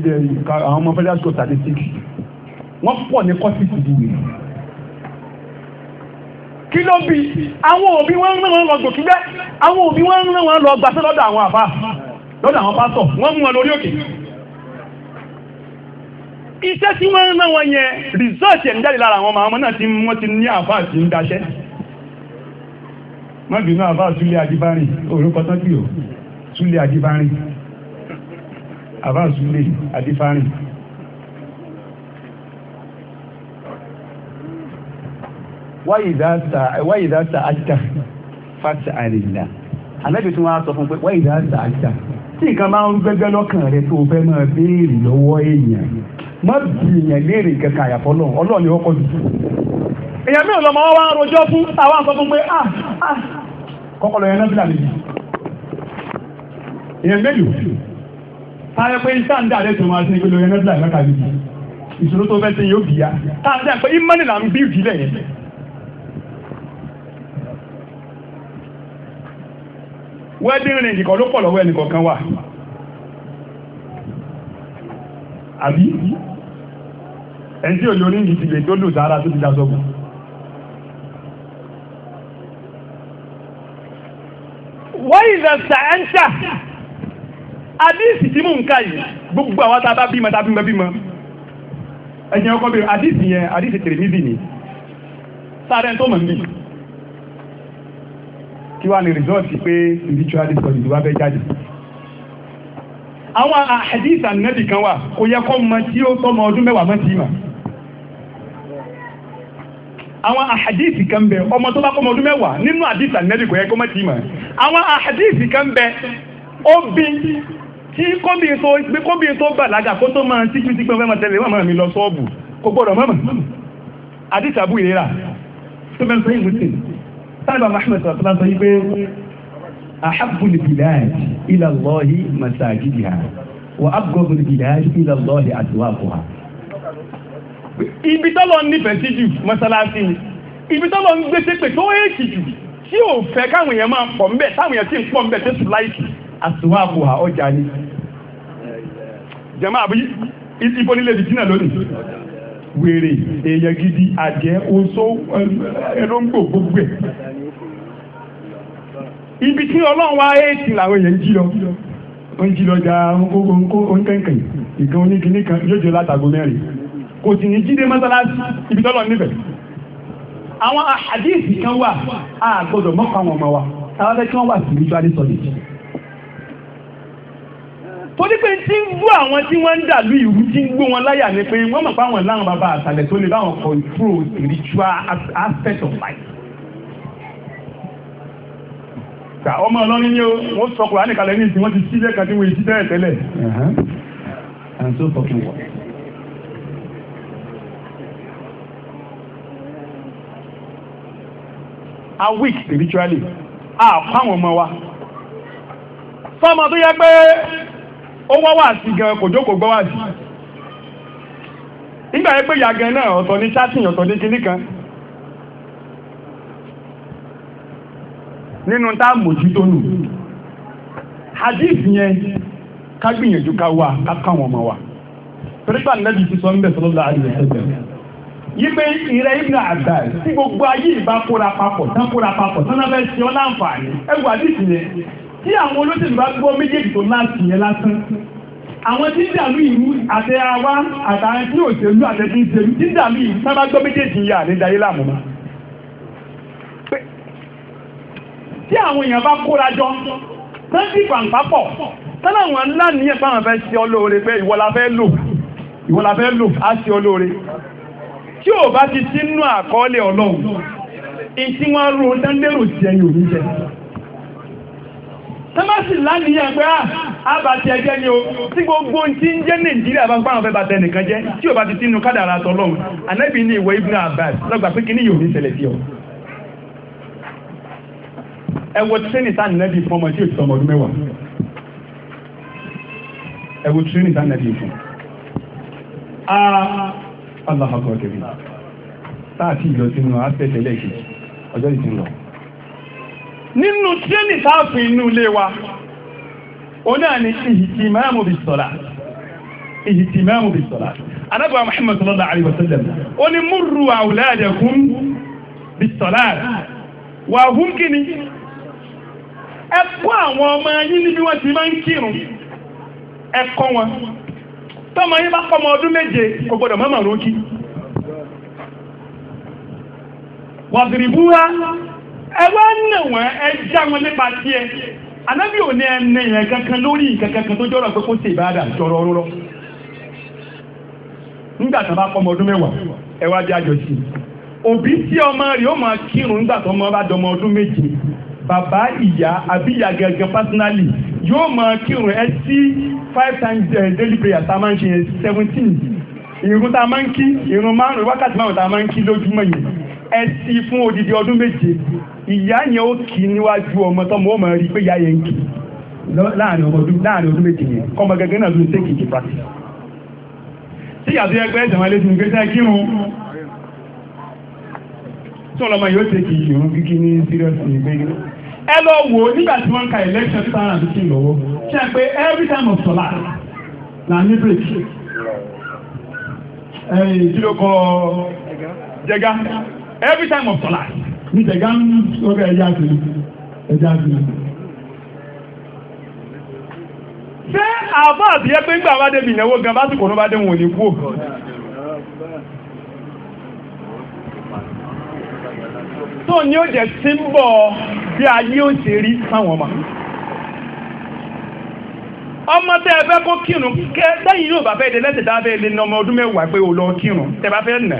àwọn ọmọ federal school of statistics wọ́n pọ̀ ní kọ́sìtì ìwé kí ló bí àwọn òbí wọn ń rán wọn lọ gòkè bẹ́ẹ̀ àwọn òbí wọn ń rán wọn lọ gbàṣẹ́ lọ́dọ̀ àwọn àfa lọ́dọ̀ àwọn pásọ̀ wọ́n mú wọn lórí òkè iṣẹ́ tí wọ́n ń rán wọn yẹn result ẹ̀ ń jáde lára àwọn ọmọ náà tí wọ́n ti ní àfa àti ń daṣẹ́ mọ́bìnrin àfa àtúlẹ̀ àdìbárìn orúkọ tán kì í o. Súlé Adífárìn àbá Súlé Adífárìn. wáyé dá sa àjà fásitì àrìlá anábì tí wọ́n á sọ fún pé wáyé dá sa àjà tí nǹkan máa ń gbẹgbẹ lọ́kàn rẹ tó fẹ́ máa béèrè lọ́wọ́ èèyàn má bìyàn léèrè kankan àyàfọ́ lọ ọlọ́run ni wọ́n kọ́ dùn. èèyàn mìíràn lọ́mọ wọn wá rojọ́ fún àwọn àkọ́kọ́ pé ah ah kọ́kọ́ lọ yẹn náà bí làbí èèyàn mélòó sáré pé iṣẹ́ àǹdà rẹ̀ tó máa ṣe ìgbélé ọ̀yẹ́ nẹ́bílà ìmẹ́ta yìí ìṣòro tó fẹ́ ṣe yóò bì ya táǹdà pé ìmọ̀nì là ń bí ìdílé yẹn. wedding ring kan ló pọ̀ lọ́wọ́ ẹnìkan kan wà àbí ẹni tí òye oníyìí ti lè tó lù sára tó ti dá sọ́gun. wọ́n ìlẹ̀ sàẹ́ńsà àdìsí tí mò ń kà yìí gbogbo àwọn tá a bá bímọ tá a bímọ bímọ ẹ̀yìn ọkọ bẹ̀rẹ̀ àdìsí yẹn àdìsí tìrìmìdì ni sáré tó mọ̀ ń bì kí wàá ní rìsọ́ọ̀tì pé spiritual study ló bá fẹ́ jáde àwọn àdìsí ànínẹ́bì kan wà kò yẹ kó mọ tí ó tọ́ mọ ọdún mẹ́wàá mọ́ tì í mọ̀ àwọn àhàdìsì kan bẹ ọmọ tó bá kọ́ ọmọ ọdún mẹ́wàá nínú àdìsì ànínẹ́bì kò yẹ kó mọ́ tì í mọ̀ àwọn àhàdìsì kan bẹ ó bí tí kóbìnrin tó gbé kóbìnrin tó bàlágà kó tó máa tíjú sí pé wọ́n máa tẹ̀lé màmá mi lọ sọ́ọ̀bù kó gbọ́dọ̀ màmá àdìsí àbú ìlera tó bẹ́ẹ̀ sọ yìí muslim sábà Muhammad sọ̀rọ̀ tó bá sọ yìí pé ahabbu bilad ila Allahi masajidiha wa abghadu bilad ila Allahi aswaquha. ibi tọ́lọ̀ nífẹ̀ẹ́ sí jù mọ́sálásí ibi tọ́lọ̀ ń gbé sépè tó éèkì jù tí ò fẹ́ káwọn èèyàn máa pọ̀ ńbẹ̀ táwọn èèyàn sì ń pọ̀ ńbẹ̀ tẹ́sù láìsí àsùnwàkù ha ọjà ni jẹ́mọ́ àbí ibo nílé ìdíjìnà lónìí wèrè èèyàn gidi àjẹ́ oṣó ẹlọ́ngbò gbogbo ẹ̀ ibi tí ọlọ́run wá éèkì làwọn èèyàn ń jí lọ ń jí lọ ja nkókó nkó nkẹ́nkẹ́n ìkan oníkíní kan yóò jẹ́ látago mẹ́rin kò sì ní jíde mọ́sálásí ibi tọ́lọ̀ níbẹ̀ àwọn àdéhìí kan wà á gbọ́dọ̀ mọ́kàn wọn mọ́ wa táwọn fẹ́ kí wọ́n wà sí ibi tó adé sọ̀dẹ̀ torí pé tí ń gbọ́ àwọn tí wọ́n ń dàlú ìrú tí ń gbó wọn láyà ni pé wọ́n mọ̀ pé àwọn láwọn bàbá àtàlẹ̀ tó lè báwọn control spiritual aspect of life. ta ọmọ ọlọ́rin ni wọ́n sọ kùránì kalẹ̀ ní ìsìn wọ́n ti síbẹ̀ kan tí wọ́n ti tẹ́lẹ̀ tẹ́lẹ̀. and so fucking what. a weak spiritually a fáwọn ọmọ wa fọmọ tó yẹ pé ó wá wà sí gan kò jókòó gbọ́ wà sí nígbà yẹn pé ìyá gan náà ọ̀tọ̀ ní sátìn ọ̀tọ̀ ní kinní kan nínú tá a mójútó nù hadith yẹn ká gbìyànjú ká wà ká káwọn ọmọ wa pẹ̀lúgbà nàbì ti sọ níbẹ̀ sọlọ́lá àdìyẹ ẹgbẹ́ yí pé ìrẹ́ Ibn Abbas tí gbogbo ayé ìbá kóra papọ̀ tán kóra papọ̀ tán náà fẹ́ ṣe tí àwọn olóṣèlú bá gbọ́ méjèèjì tó láti yẹn lásán àwọn tí ń dàlú ìlú àti àwa àtàwọn tí òṣèlú àtẹ̀tí ìṣèlú tí ń dàlú ìlú tá bá gbọ́ méjèèjì yà ní dayé láàmú ma. tí àwọn èèyàn bá kóra jọ tán sì pàǹpá pọ̀ tán àwọn ńlá nìyẹn báwọn fẹ́ ṣe olóore pé ìwọ la fẹ́ lò á ṣe olóore tí ò bá ti sínú àkọọ́lẹ̀ ọlọ́run èyí tí wọ́n rò tán lérò sí ẹ̀yìn òní jẹ tẹ́másì lánìyàn pé àbàtì ah, ẹ̀jẹ̀ ni o tí gbogbo ń ti ń jẹ́ nàìjíríà bá ń pàrọ̀ fẹ́ bàtẹ́ nìkan jẹ́ tí o bá ti tinú kádàrà tọ́lọ́run ànábì ní ìwọ ibùdó Abbas lọ́gbà pé kíní yóò ní ṣẹlẹ̀ sí ọ. ẹ wo tírénì tá nàbì fún ọmọ tí o ti sọmọ ọdún mẹ́wàá ẹ wo tírénì tá nàbì fún. Ah, aláhàkọ̀ọ́ kẹ́mi táà tí ìlọsínú á fẹ́ tẹ́lẹ̀ kejì ọjọ́ ìsinmi nínú tírénì táàfin inú ilé wa òun náà ni ìhìtìmáàmù bí sọ̀rà ìhìtìmáàmù bí sọ̀rà anábàá Muhammad sallallahu alayhi wa sallam ó ní múrù àwùládẹ̀kún bí sọ̀rà wà hún kíni ẹ kọ́ àwọn ọmọ yín níbi wọ́n ẹ wá nà wọ́n ẹ já wọn nípa tiẹ̀ anábì ò ní ẹ nà yẹn kankan lórí kankan tó jọrọ pé kó ṣe ìbáradà jọrọ rọrọ nígbà tó bá kọ́ ọmọ ọdún mẹ́wàá ẹ wá jẹ́ àjọ sí i òbí tí ọmọ rẹ̀ ó máa kírun nígbà tó ọmọ bá dọmọ ọdún méje bàbá ìyá àbí ìyá gẹ́gẹ́ personally yóò máa kírun ẹ sí five times eh, daily prayer tá a máa ń ṣe seventeen ìrun tá a máa ń kí ìrun márùn wákàtí márùn tá a máa ń kí lójúmọ́ yẹn ẹ sí fún odidi ọdún méje ìyá yẹn ó kì í níwájú ọmọ tọmọ ọmọ rí pé ìyá yẹn ń kì láàrin ọdún láàrin ọdún méje yẹn kọ́mọ gẹ́gẹ́ náà ló ń tẹ́kì ìjì pàtì. tí ìyá tó yẹ pé ẹ̀sẹ̀ wọn lé sinmi gbèsè kírun tí ọlọmọ yóò tẹ́kì ìrún kíkí ní sírẹ́sì nígbẹ́ ẹ lọ wò ó nígbà tí wọ́n ń ka election two thousand and fifteen ṣe pé every time of solar na new break kí ló kọ jẹgá every time of solar. ní tẹ̀gá ń sọ́kẹ́ ẹja sí ẹja sí. ṣé àbá àti ẹgbẹ́ ń gbà wá débi ìnáwó gan bá sì kò ní bá dé wọn ò ní kú òkú. tó ní ó jẹ́ símbọ̀ bí ayé ó ṣe rí fáwọn ọmọ ọmọ tẹ ẹ fẹ́ kó kírun kẹ lẹ́yìn yóò bá fẹ́ de lẹsẹ dábẹ lè nà ọmọ ọdún mẹ́wàá pé o lọ kírun tẹ bá fẹ́ nà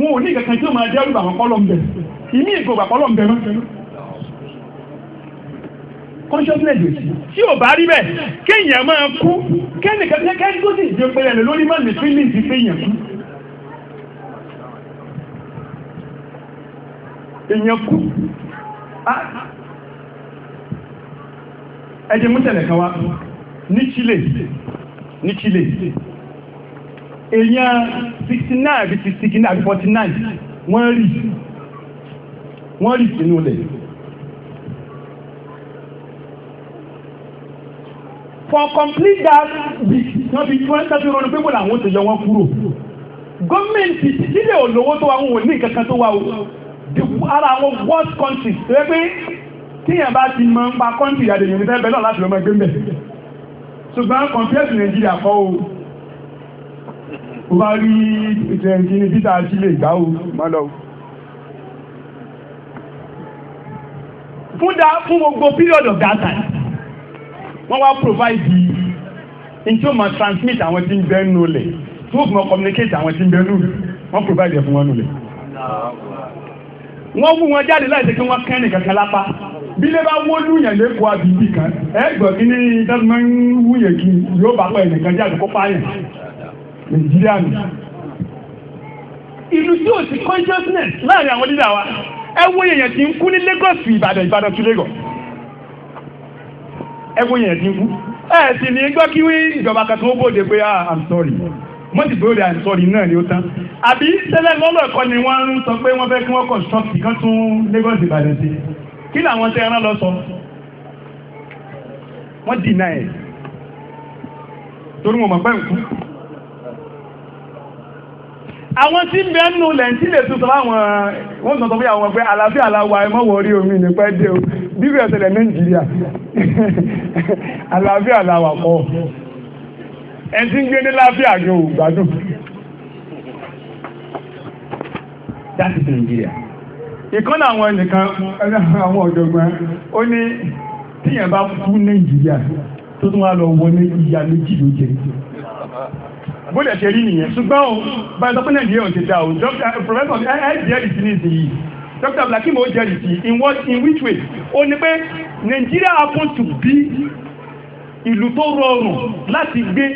wọn ò ní kankan tí ó máa dẹ́rù bà wọn kọ́ lọ́mbẹ̀ ìmí ìgò bà kọ́ lọ́mbẹ̀ mọ́ consciousness tí ò bá rí bẹ́ẹ̀ kéèyàn máa kú kẹ́nìkan kẹ́ni tó sì jẹ pé ẹ̀rẹ̀ lórí máa lè feelings pé èèyàn ní Chile ní Chile èèyàn sixty nine àbí sixty nine àbí forty nine wọ́n rì wọ́n rì sínú ilẹ̀. for complete that bit wọ́n fi wọ́n sábẹ́ ronú pé wọ́n làwọn ò tẹ̀yọ wọn kúrò gọ́ọ̀mẹ̀ntì sílẹ̀ olówó tó wà wọn ò ní kankan tó wà o ara àwọn world countries tó yẹ pé tíyẹn bá ti mọ nípa country àdéhùn ìfẹ́ bẹ́ẹ̀ náà láti lọ́mọ ẹgbẹ́ mẹ́ ṣùgbọ́n compared to Nigeria kọ́ o kò bá rí ìtẹ̀ǹkì ní títà sí lè gbá o má lọ. fún gbogbo period of that time wọ́n wá provide the n tí ó máa transmit àwọn tí ń bẹ nù lẹ̀ tí ó máa communicate àwọn tí ń bẹ nù wọ́n provide ẹ̀ fún wọn nù lẹ̀. wọ́n mú wọn jáde láì jẹ́ wọ́n kẹ́rin kankan lápá bí lè bá wọ́lú yẹn lẹ́kọ̀ọ́ àbíbí kan ẹ̀ gbọ́ kí ní dáná máa ń wúyẹ̀ kí yóò bá pẹ̀ nìkan jáde kó pààyàn nàìjíríà nù. ìlú tí ò sí consciousness láàrin àwọn dídá wa ẹ wo èèyàn tí ń kú ní Lagos Ìbàdàn Ìbàdàn tún Lagos ẹ wo èèyàn tí ń kú ẹ sì ní gbọ́ kí wí ìjọba kan tó bóde pé ah I'm sorry wọ́n ti bóde I'm sorry náà ni ó tán àbí tẹ́lẹ̀ lọ́lọ́ ẹ̀kọ́ ni wọ́n ń sọ pé wọ́n fẹ́ kí wọ́n construct kan tún Lagos Ìbàdàn sí kí làwọn tẹ́ ẹran lọ sọ wọ́n dì náà ẹ̀ torí wọn mọ̀ pẹ́ ń kú àwọn tí ń bẹ nù lẹ́ǹtí lè tún sọ wọ́n sọ fún àwọn pé àlàáfíà aláwa ẹ mọ̀ wọ́ọ́rí omi nípa ẹ̀ o bíbí ẹ̀sẹ̀lẹ̀ nàìjíríà àlàáfíà aláwa kọ́ ẹ̀ tí ń gbé ní láfíà ni ò gbádùn. that is Nigeria. ìkànnì àwọn ẹnìkan àwọn ọ̀jọ̀gbọ́n ó ní tíyẹn bá kú Nàìjíríà tó tún wá lọ wọlé ìyá méjì ló jẹ bóde ṣe rí nìyẹn ṣùgbọ́n o báyìí sọ pé nàìjíríà ò ti dá o professor ẹ jẹ́rìí sí nísìnyí dr blakim ó jẹ́rìí sí in what in which way ó ní pé nàìjíríà happen to be ìlú tó rọrùn láti gbé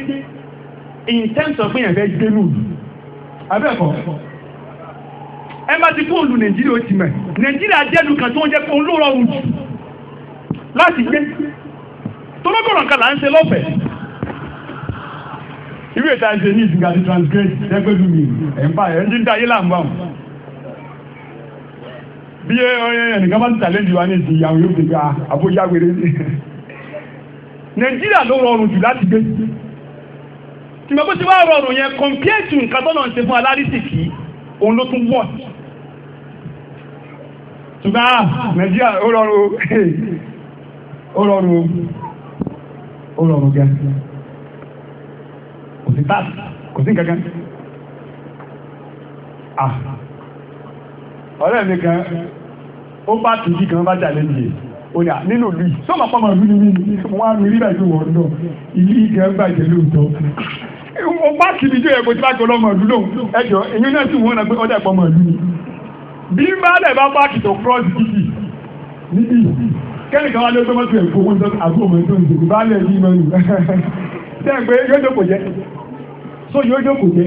in terms of yẹn fẹ́ gbé lùlù abẹ́ẹ̀kọ́ ẹ bá ti kó òlu nàìjíríà ó ti mẹ̀ nàìjíríà jẹ́ lu kan tó ń jẹ́ pé òun ló rọrùn jù láti gbé torókòrò nǹkan là ń ṣe lọ́fẹ̀ẹ́ ìwé ìta ń ṣe ní ìsìnkà ti transgrade ẹgbẹ́dùn mi ẹ̀ǹpa ẹ̀ ń dín dáyé làǹbà wọn. bí ẹnìkan bá ti tàlẹ́ jù wá ní ìsìn ìyàwó yóò fi gba àbójá wéré. nàìjíríà ló rọrùn jù láti gbé. tìmọ̀ bó ti wá rọrùn yẹn compare to nǹkan tó náà ń ṣe fún alárísìkì òun ló tún wọ̀. ṣùgbọ́n ah, nàìjíríà ó rọrùn ó rọrùn ó rọrùn gẹ́gẹ́ kò sí táàsì kò sí nǹkan ah ọ̀rẹ́ mi kan ó bá tìjú kan bá jà lẹ́yìn yìí ó ní à nínú ìlú yìí sọ́mà pàmò ìlú ni mí wọ́n á mi rí báyìí wọ̀ ọ́dọ̀ ìlú yìí kan bàjẹ́ lóòótọ́ ó bá kìlì jẹ́ ẹ̀kọ́ tí bá jọ lọ́mọ ìlú lòun ẹjọ́ èyí náà sì wọ́n náà pé ọjà pàmò ìlú ni bí mbálẹ̀ bá bá kìtọ̀ cross títì níbi kẹ́nìkan wá lé ọgbẹ́ mọ́tò ẹ̀kọ́ wọn àbúrò mọ́tò ìdìbò bá lẹ̀ bí mọ́tò sẹ́ǹgbé yóò jókòó jẹ́ so yóò jókòó jẹ́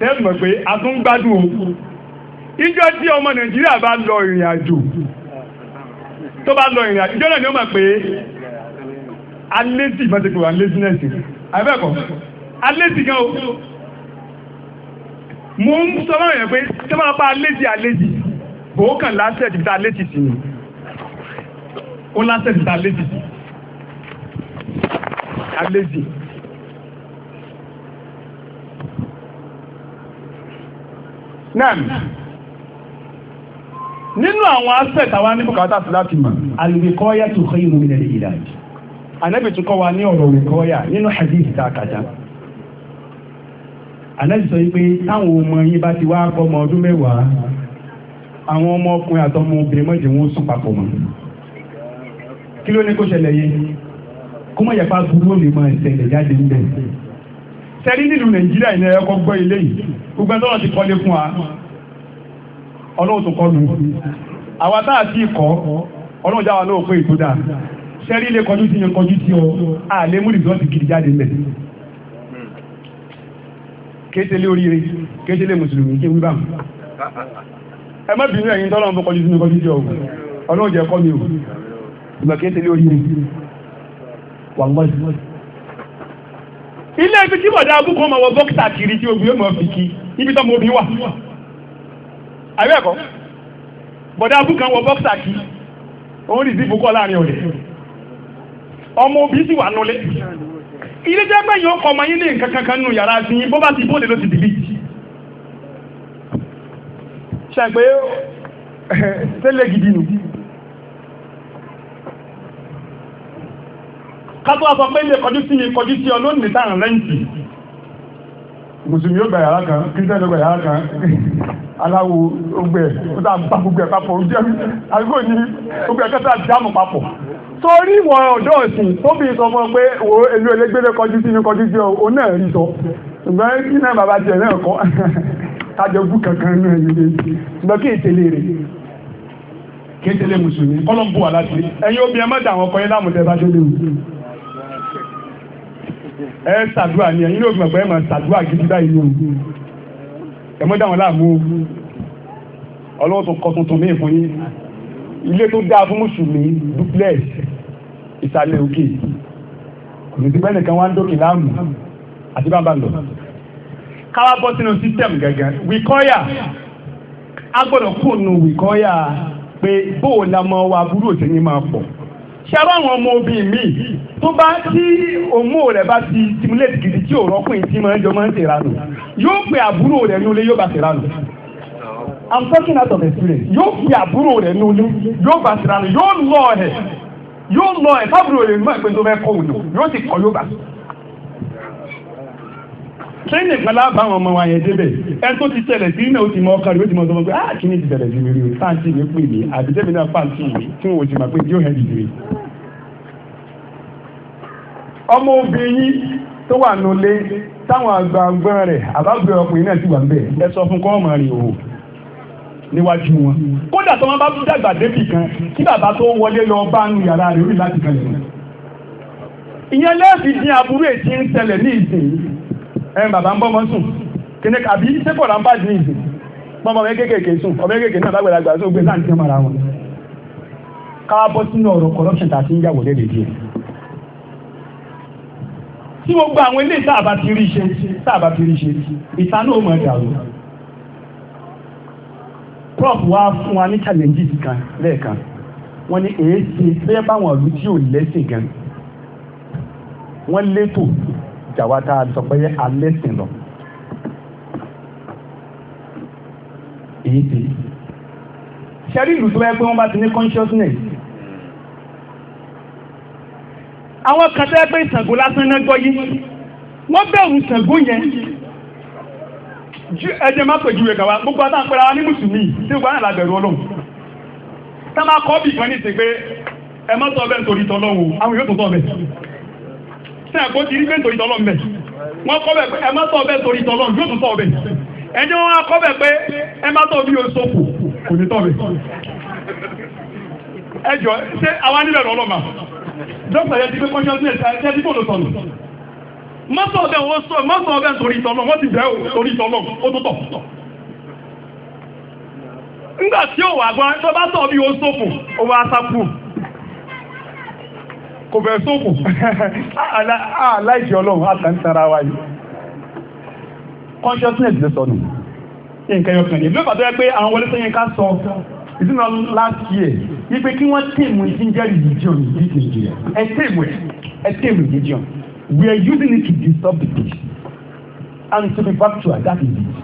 sẹ́ǹgbé pé a tún gbádùn o ìjọ tí ọmọ nàìjíríà bá lọ ìrìn àjò tó bá lọ ìrìn àjò ìjọ náà ni ó mọ̀ pé alẹ́sì ìbá ti pè wá lẹ́sìnẹ́sì àbẹ́ẹ̀kọ́ alẹ́sì gan o mo ń sọ fún èèyàn pé tó máa bá alẹ́sì alẹ́sì bò ó kàn lásẹ̀ ti fi ta alẹ́sì sí ni ó lásẹ̀ ti ta alẹ́sì sí ni. I'm lazy. Nam. Nínú àwọn aspect àwọn aníbùkátà sí láti mọ̀. Àlùkọ́yà tó kọ́ inú mi lẹ́lẹ́ yìí láti. Ànábì tó kọ́ wa ní ọ̀rọ̀ òkọ́yà nínú hadith tá a kàjá. Ànábì sọ pé táwọn ọmọ yín bá ti wá kọ́ ọmọ ọdún mẹ́wàá, àwọn ọmọ ọkùnrin àtọmọ obìnrin mọ́jì wọn sùn papọ̀ mọ́. Kí ló ní kó ṣẹlẹ̀ yìí? kó mọ̀ yẹ pa burú ó lè máa ṣẹlẹ̀ jáde ńbẹ̀. sẹ́rí nílùú nàìjíríà yìí ẹ kọ́ gbọ́ ilé yìí gbogbo ẹni tọ́lọ́ ti kọ́lé fún wa ọlọ́run tó kọ́ lù ú. àwa tá a ti kọ́ ọlọ́run jáwa náà pé ètò dáa sẹ́rí ilé kọjú ti yan kọjú ti ọ àlẹ́ mú rìsọ́ọ̀tì gidi jáde ńbẹ̀. kéétélé oríire kéétélé mùsùlùmí kéwì bá ẹ má bínú ẹ̀yin tọ́lọ́run tó kọjú sínú kọjú ti ọ ọlọ́run jẹ́ kọ́ mi ò ìgbà kéétélé oríire wàlọ́yì. ilé ibi tí bọ̀dá abúkọ ọmọ wọ dókítà kiri tí obìnrin mọ̀ fi kí ibi tó mọ̀ obìnrin wà. àbẹ́ ẹ̀kọ́ bọ̀dá abúkọ wọ dókítà kí òun rìsí ìbùkọ́ láàrin òde ọmọ obìnrin sì wà nulẹ̀. ilé jẹ́ pé yóò kọ́ ọmọ yín ní nǹkan kankan nù yàrá sí yín bó bá ti bóde ló ti dìbì. ṣàgbé tẹ́lẹ̀ gidi nù kátó àsọ pé ilé kọjú sí mi kọjú sí ọ lónìí tá à ń rẹ́ǹtì mùsùlùmí ó gba yàrá kan kírísítẹ́nì ó gba yàrá kan aláwo ó gbẹ ó sà bá gbogbo ẹ̀ papọ̀ ó jẹ́ àgbo ní gbogbo ẹ̀ kẹta jáàmù papọ̀ torí ìwọ̀n ọ̀dọ́ ọ̀sìn tóbi sọ fún ọ pé wo èlú elégbélé kọjú sí mi kọjú sí ọ òun náà rí sọ ṣùgbọ́n kí náà bàbá tiẹ̀ náà kọ́ kájọ bú kankan náà yìí lè ṣe ṣùgbọ́n kí ètè lè rè kí ètè lè mùsùlùmí kọ́lọ́ ń bù wà láti ẹ̀yin obìnrin mọ́ta àwọn ọkọ yẹn láàmú tẹ́ bá délé o ẹ ṣàdúrà ni ẹ̀yin lóògùn ẹ̀gbẹ́ máa ṣàdúrà gidi báyìí ni o ẹ mọ́ dá wọn láàmú o ọlọ́wọ́ tó kọ́ tuntun mí fún yín ilé tó dáa fún mùsùlùmí duplex ìsàlẹ̀ òkè kò ní sí pẹ́ nìkan wá ń dókè láàmú àti bàbá lọ káwá bọ́ sínú system gẹ́gẹ́ wìkọ́yà a gbọ́dọ̀ kúnnù wìkọ́yà pé bóòlà mọ́ wa burú òsè ní máa pọ̀ ṣẹ́rọ àwọn ọmọ obìnrin mi tó bá tí òmù rẹ̀ bá ti stimulate gidi tí òrọ́ pé tí máa ń jọ máa ń tèrà nù yóò pe àbúrò rẹ̀ ní olé yóò bá tèrà nù i'm talking out of experience yóò pe àbúrò rẹ̀ ní olé yóò bá tèrà nù yóò lọ ẹ̀ yóò lọ ẹ̀ fábùrò rẹ̀ ní mọ̀ pé tó fẹ́ kọ́ òun yóò ti kọ́ yóò bá tèrà tírénì kan láàbà àwọn ọmọ wa yẹn débẹ̀ ẹ tó ti tẹ̀lẹ̀ sí náà ó ti mọ ọkọ rẹ̀ ó ti mọ sọmọ pé á ah, kí ni ti tẹ̀lẹ̀ sí mi rí o sáǹtì mi pè mí àbí tẹ̀mí náà pàǹtì mi tí wọn ò ti mọ̀ pé yóò hẹ́ndì mi. ọmọ obìnrin tó wà nulẹ̀ táwọn àgbàgbọ́n rẹ̀ àbábẹ́ ọkùnrin náà ti wà ń ẹ sọ fún kọ́ rẹ̀ o níwájú wọn. kódà tó wọn bá tún dàgbà débì ẹ̀ bàbá ń bọ́ mọ́ sùn kíni àbí sẹ́kọ̀ọ́ là ń bá dín ìdè pọ́nmọ́ ọmọ kékèké sùn ọmọ kékèké náà lágbàlagbà sóò gbé láǹtí ọmọ ara wọn. káwá bọ́ sínú ọ̀rọ̀ corruption tàbí ń yàwó lédè díẹ̀. tí mo gba àwọn ilé sáàbà ti rí ṣe sáàbà ti rí ṣe ìta náà mọ̀ ẹ̀dà o. prof wá fún wa ní challenges kan lẹ́ẹ̀kan wọ́n ní èé ṣe bẹ́ẹ̀ báwọn ìlú tí ò lẹ́sìn gan wọ́n létò jàwá tá a sọ pé alẹ́ sìn lọ. èyí ti ṣẹ́rí ìlú tó bá yẹ pé wọ́n bá ti ní consciousness. àwọn kan tẹ́ pé Ṣàngó lásán náà gbọ́ yìí wọ́n bẹ̀rù Ṣàngó yẹn ẹjẹ má pèjú rẹ̀ kàwá gbogbo àtàwọn pẹ̀lú àwọn ní mùsùlùmí tí gbogbo àwọn àlàbẹ̀rù ọlọ́run tá máa kọ́ bì kan ní pé ẹ má tọ́ bẹ́ẹ̀ nítorí tọ́lọ́wọ́ àwọn yóò tó tọ́ bẹ́ẹ̀ tí àgbo ti rí bẹ́ẹ̀ torí tọ́lọ́ mbẹ́ wọ́n kọ́ bẹ̀ pé ẹ má sọ bẹ́ẹ̀ torí tọ́lọ́ yóò tún sọ bẹ́ẹ̀ ẹni wọn kọ́ bẹ̀ pé ẹ má sọ bí o sọ kù kò ní tọ́ bẹ́ẹ̀. ẹ jọ ṣé àwa nílẹ̀ lọ́lọ́ ma dókítà yẹn ti gbé consciousness ẹ ti bọ̀lọ̀ sọ̀nù má sọ bẹ́ẹ̀ wọ́n sọ má sọ bẹ́ẹ̀ torí tọ́lọ́ wọ́n ti bẹ́ẹ̀ torí tọ́lọ́ ó tó tọ̀ nígbà tí ò wà gbọ́n kò fẹ́ sóòkù aláìsí ọlọ́run àtàntara wa yìí consciousness ló sọnù nǹkan ẹyọkàn yìí lóòpàá tó yẹ pé àwọn wọlé sẹ́yìn ká sọ ìdúná last year yí pé kí wọ́n tèmù ginger religion ní Nigeria ẹ tèmù ẹ ẹ tèmù religion we are using it to disturb the peace and to be factual that is it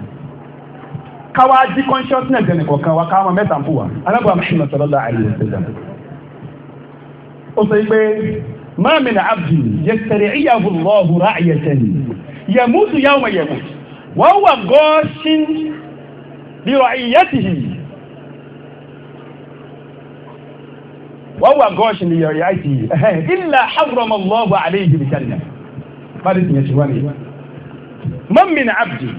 káwá di consciousness ẹnìkọ̀ọ̀kan wa káwọn mẹ́ta ń fò wá alábọ̀ àmì ṣùgbọ́n sọlọ́lá àìyé ṣẹlẹ̀. ó sọ pé ma min abdin yastari'uhu Allahu ra'yatan yamutu yawma yamut wa huwa ghashin bi ra'iyatihi wa huwa ghashin bi ra'iyatihi illa harrama Allahu alayhi al-janna báyìí tìyẹ̀ ti wá ma min abdin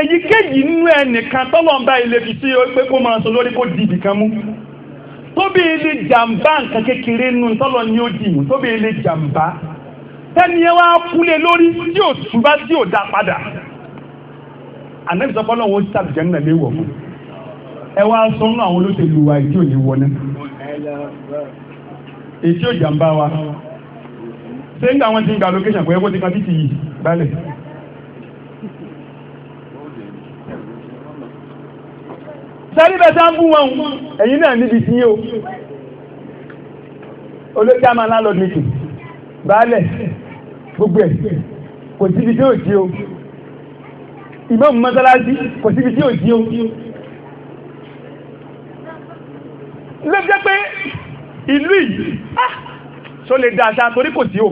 èyíkéyìí nínú ẹnìkan tọ́lọ́mbà ilé fi sí pé kó máa sọ lórí kó di ibìkan mú. tóbi ilé jàǹbá nǹkan kékeré nù tọ́lọ ni ó dì mú tóbi ilé jàǹbá tẹ́ni ẹ wá kúlé lórí tí ò túbá tí ò dá padà ànábì sọ fọlọ́wọ́ ó tàbí jẹ́ nílẹ̀ léwọ̀ fún ẹ wá sọ nínú àwọn olóṣèlú wa èyí ò ní wọlé èyí ò jàǹbá wa ṣé ń wọn ti ń gba location kò yẹ kó ti kan títì yìí balẹ̀. sẹ́rí bẹ́ta ń bú wọn ẹ̀yìn náà níbi tí yíò olókè àmà landlord meeting baálẹ̀ gbogbo ẹ̀ kò síbi tí ò jí o ìmáàmù mọ́sálásí kò síbi tí ò jí o ló jẹ́ pé ìlú yìí ah, ṣó lè da àṣà torí kò sí o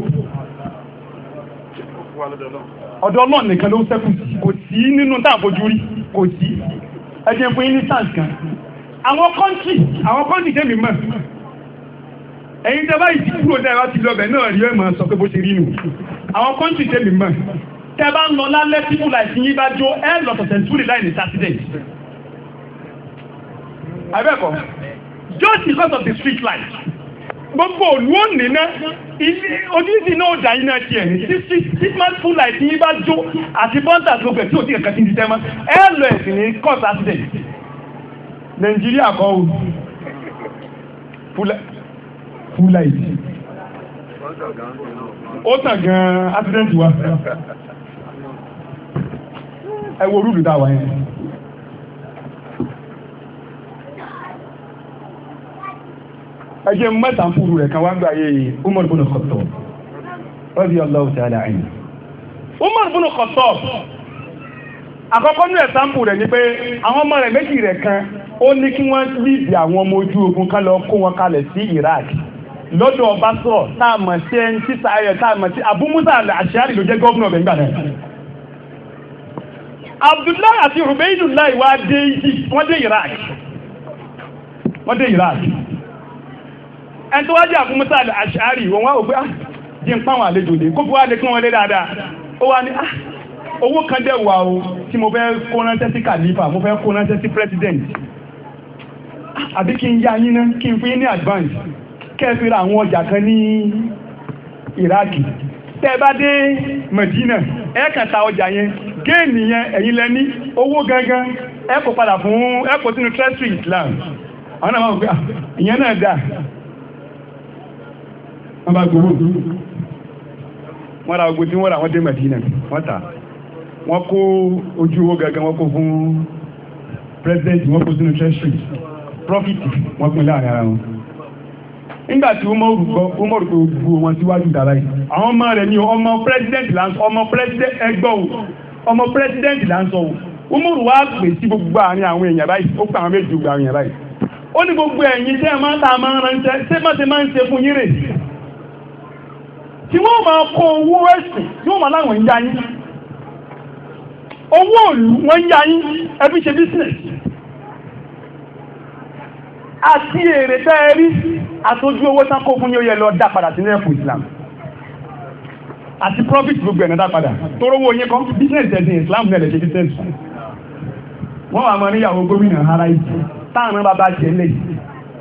ọ̀dọ̀ ọlọ́ọ̀ nìkan ló ń sẹ́kù kò sí nínú táàbójú rí kò sí ẹ̀jẹ̀ fún instance kan àwọn kọ́ńtì àwọn kọ́ńtì tẹ̀mí mọ̀ ẹ̀yin tẹ́ báyìí tí kúrò náà ti lọ bẹ̀ náà rí ẹ̀ máa sọ pé bó ṣe rí nù àwọn kọ́ńtì tẹ̀mí mọ̀ tẹ́ bá ń lọ lálẹ́ tí kúrò láìsí yín bá jó ẹ̀ lọ́tọ̀ọ̀tẹ̀ túlì láì ní sátidẹ̀ abẹ́kọ̀ just because of the street light gbogbo òlú òní náà ojúṣì náà dà iná tiẹ̀ ní títí tí máa fún láìpẹ́ yín bá jó àti bọ́ńtà tó bẹ̀ tí ò tí kẹ̀kẹ́ ti tẹ́ mọ́ ẹ lọ ẹ̀sìn ní court accident nàìjíríà kọ́ o full light ó tàn gan accident wa ẹ wo rúdù dáwà yẹn. ẹjẹ́ mẹ́ta fúru rẹ̀ kan wá gbà yé Umar bin Khattab radiyallahu ta'ala anhu Umar bin Khattab àkọ́kọ́ ní ẹ̀sáǹpù rẹ̀ ni pé àwọn ọmọ rẹ̀ méjì rẹ̀ kan ó ní kí wọ́n líbi àwọn ọmọ ojú ogun kan lọ kó wọn kalẹ̀ sí Iraq lọ́dọ̀ Basra táàmù sí ẹni tí sàárẹ̀ táàmù sí Abu Musa al-Ash'ari ló jẹ́ gọ́vùnà ọ̀bẹ̀ nígbà náà Abdullahi àti Ubaydullah wá dé Egypt wọ́n dé Iraq wọ́n dé Iraq ẹni tó wá jà fún Musa ashari wọn wá òpé ah, jẹ́ ń pàwọn àlejò lè kó fi wá lè kí wọ́n lé dáadáa ó wá ní ah, owó kan dẹ̀ wà o tí mo fẹ́ kó ránṣẹ́ sí kàlífà mo fẹ́ kó ránṣẹ́ sí president ah, àbí kí n yá yín ná kí n fi ní advance kẹ́ẹ̀fì ra àwọn ọjà kan ní Iraki tẹ́ ẹ bá dé Medina ẹ kàn ta ọjà yẹn géènì yẹn ẹ̀yin lẹ ní owó gangan ẹ kò padà fún ẹ kò sínú treasury Islam àwọn náà máa ń gbé ìyẹn náà dáa wọ́n bá gbowó wọ́n ra ogun tí wọ́n ra wọ́n dé Madina wọ́n ta wọ́n kó ojú owó gangan wọ́n kó fún president wọ́n kó sínú treasury profit wọ́n pín láàrin ara wọn nígbà tí wọ́n rúgbọ́ wọ́n rúgbọ́ gbogbo wọn síwájú dára yìí àwọn ọmọ rẹ̀ ní ọmọ president là ń sọ ọmọ president ẹgbọ́ o ọmọ president là ń sọ o umaru wa pè sí gbogbo àárín àwọn èèyàn báyìí ó pè àwọn méjì gbogbo àwọn èèyàn báyìí ó ní gbogbo ẹ̀yin tẹ́ ẹ máa ta máa ń ránṣẹ́ ṣé má ṣe máa ń ṣe fún yín rè tí wọ́n máa kó owó ẹ̀sìn tí wọ́n máa láwọn ń yá yín owó òlù wọ́n ń yá yín ẹbí ṣe business àti èrè tẹ́ ẹ rí àtọ́jú owó tán kó fún yín ó yẹ lọ dá padà sí nẹ́ẹ̀fù Islam àti profit gbogbo ẹ̀ náà dá padà tóró owó yín kan business ẹ̀sìn Islam náà lè ṣe business wọ́n wà máa níyàwó gómìnà ara yìí táwọn náà bá bá jẹ́ lẹ́yìn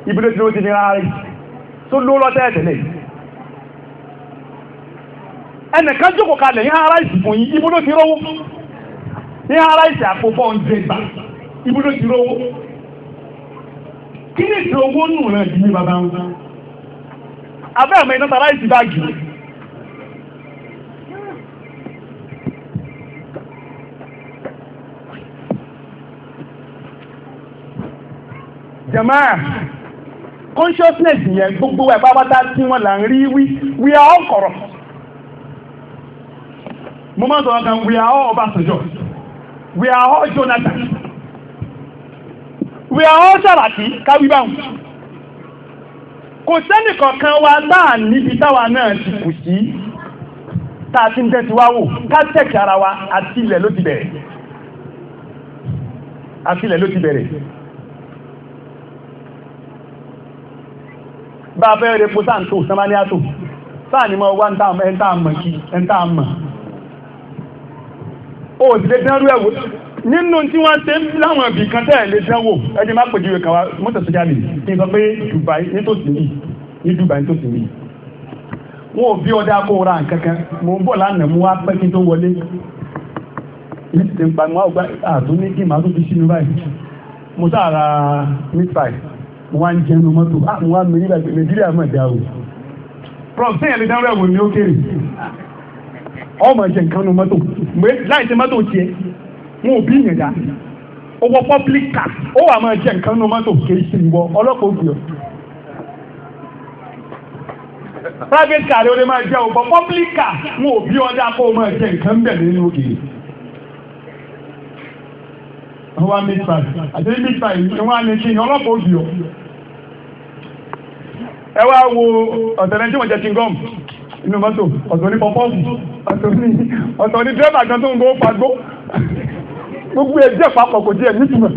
ibùdó tí ó ti ní ara yìí tó ló lọ́tẹ́ ẹ̀tẹ̀lẹ́yìn ẹnìkan jókòó kalẹ̀ ní ara ìsì fún yín ibú ti rówó ní ara ìsì àpòpọ̀ oúnjẹ gbà ibú ti rówó kí ni ìṣòro owó nù náà yìí ní bàbá wọn abẹ́ àmọ́ iná tara ìsì báàgì jamaa consciousness yẹn gbogbo ẹ̀ pápátá tí wọ́n là ń rí wí we are all corrupt mo máa sọ̀rọ̀ we are all Ọbásanjọ́ we are all Jonathan we are all Sàràkí káwí báwọn kò sẹ́nì kankan wa náà níbi táwa náà ti kù sí tá ti ń tẹ́tí wá wò ká tẹ̀kì ara wa àti ilẹ̀ ló ti bẹ̀rẹ̀ àti ilẹ̀ ló ti bẹ̀rẹ̀ bá a fẹ́ rẹ̀ po sáà ń tó sáà ní àtò wá ń tá mọ̀ kí ń tá mọ̀ o sì lè dánrú ẹ̀wò nínú tí wọ́n ṣe láwọn ibì kan tẹ́ẹ̀ lè dánwò ẹni má pèjú ìwé kan wá mọ́tò sójà mi kí n sọ pé Dubai nítòsí mi ní Dubai nítòsí mi wọn ò bí ọdẹ akóra nkankan mò ń bọ̀ lánàá mo wá pẹ́ kí n tó wọlé ní ti ń pa mo wá gba àtún ní kí màá tó fi sínú báyìí mo sára meat pie mo wá ń jẹun mọ́tò mo wá mi nígbà Nàìjíríà mọ̀ dá o. prof sẹ́yìn lè dánwò ẹ̀wò ní ó kéré. ọmọ ẹ̀jẹ̀ nǹkan nu moto láì láìsí mọ́tò tiẹ̀ wọn ò bí yẹn dá public car ó wà máa jẹ nǹkan nu mọ́tò kìí ṣe òkú yọ. private car ló lè máa jẹ owó public car wọn ò bí ọjà kó o máa jẹ nǹkan ní kí ọ̀tọ̀ ni dírẹ́bà kan tó ń gbọ́ fagbó gbogbo ẹ̀jẹ̀ papọ̀ kò díẹ̀ nítumọ̀.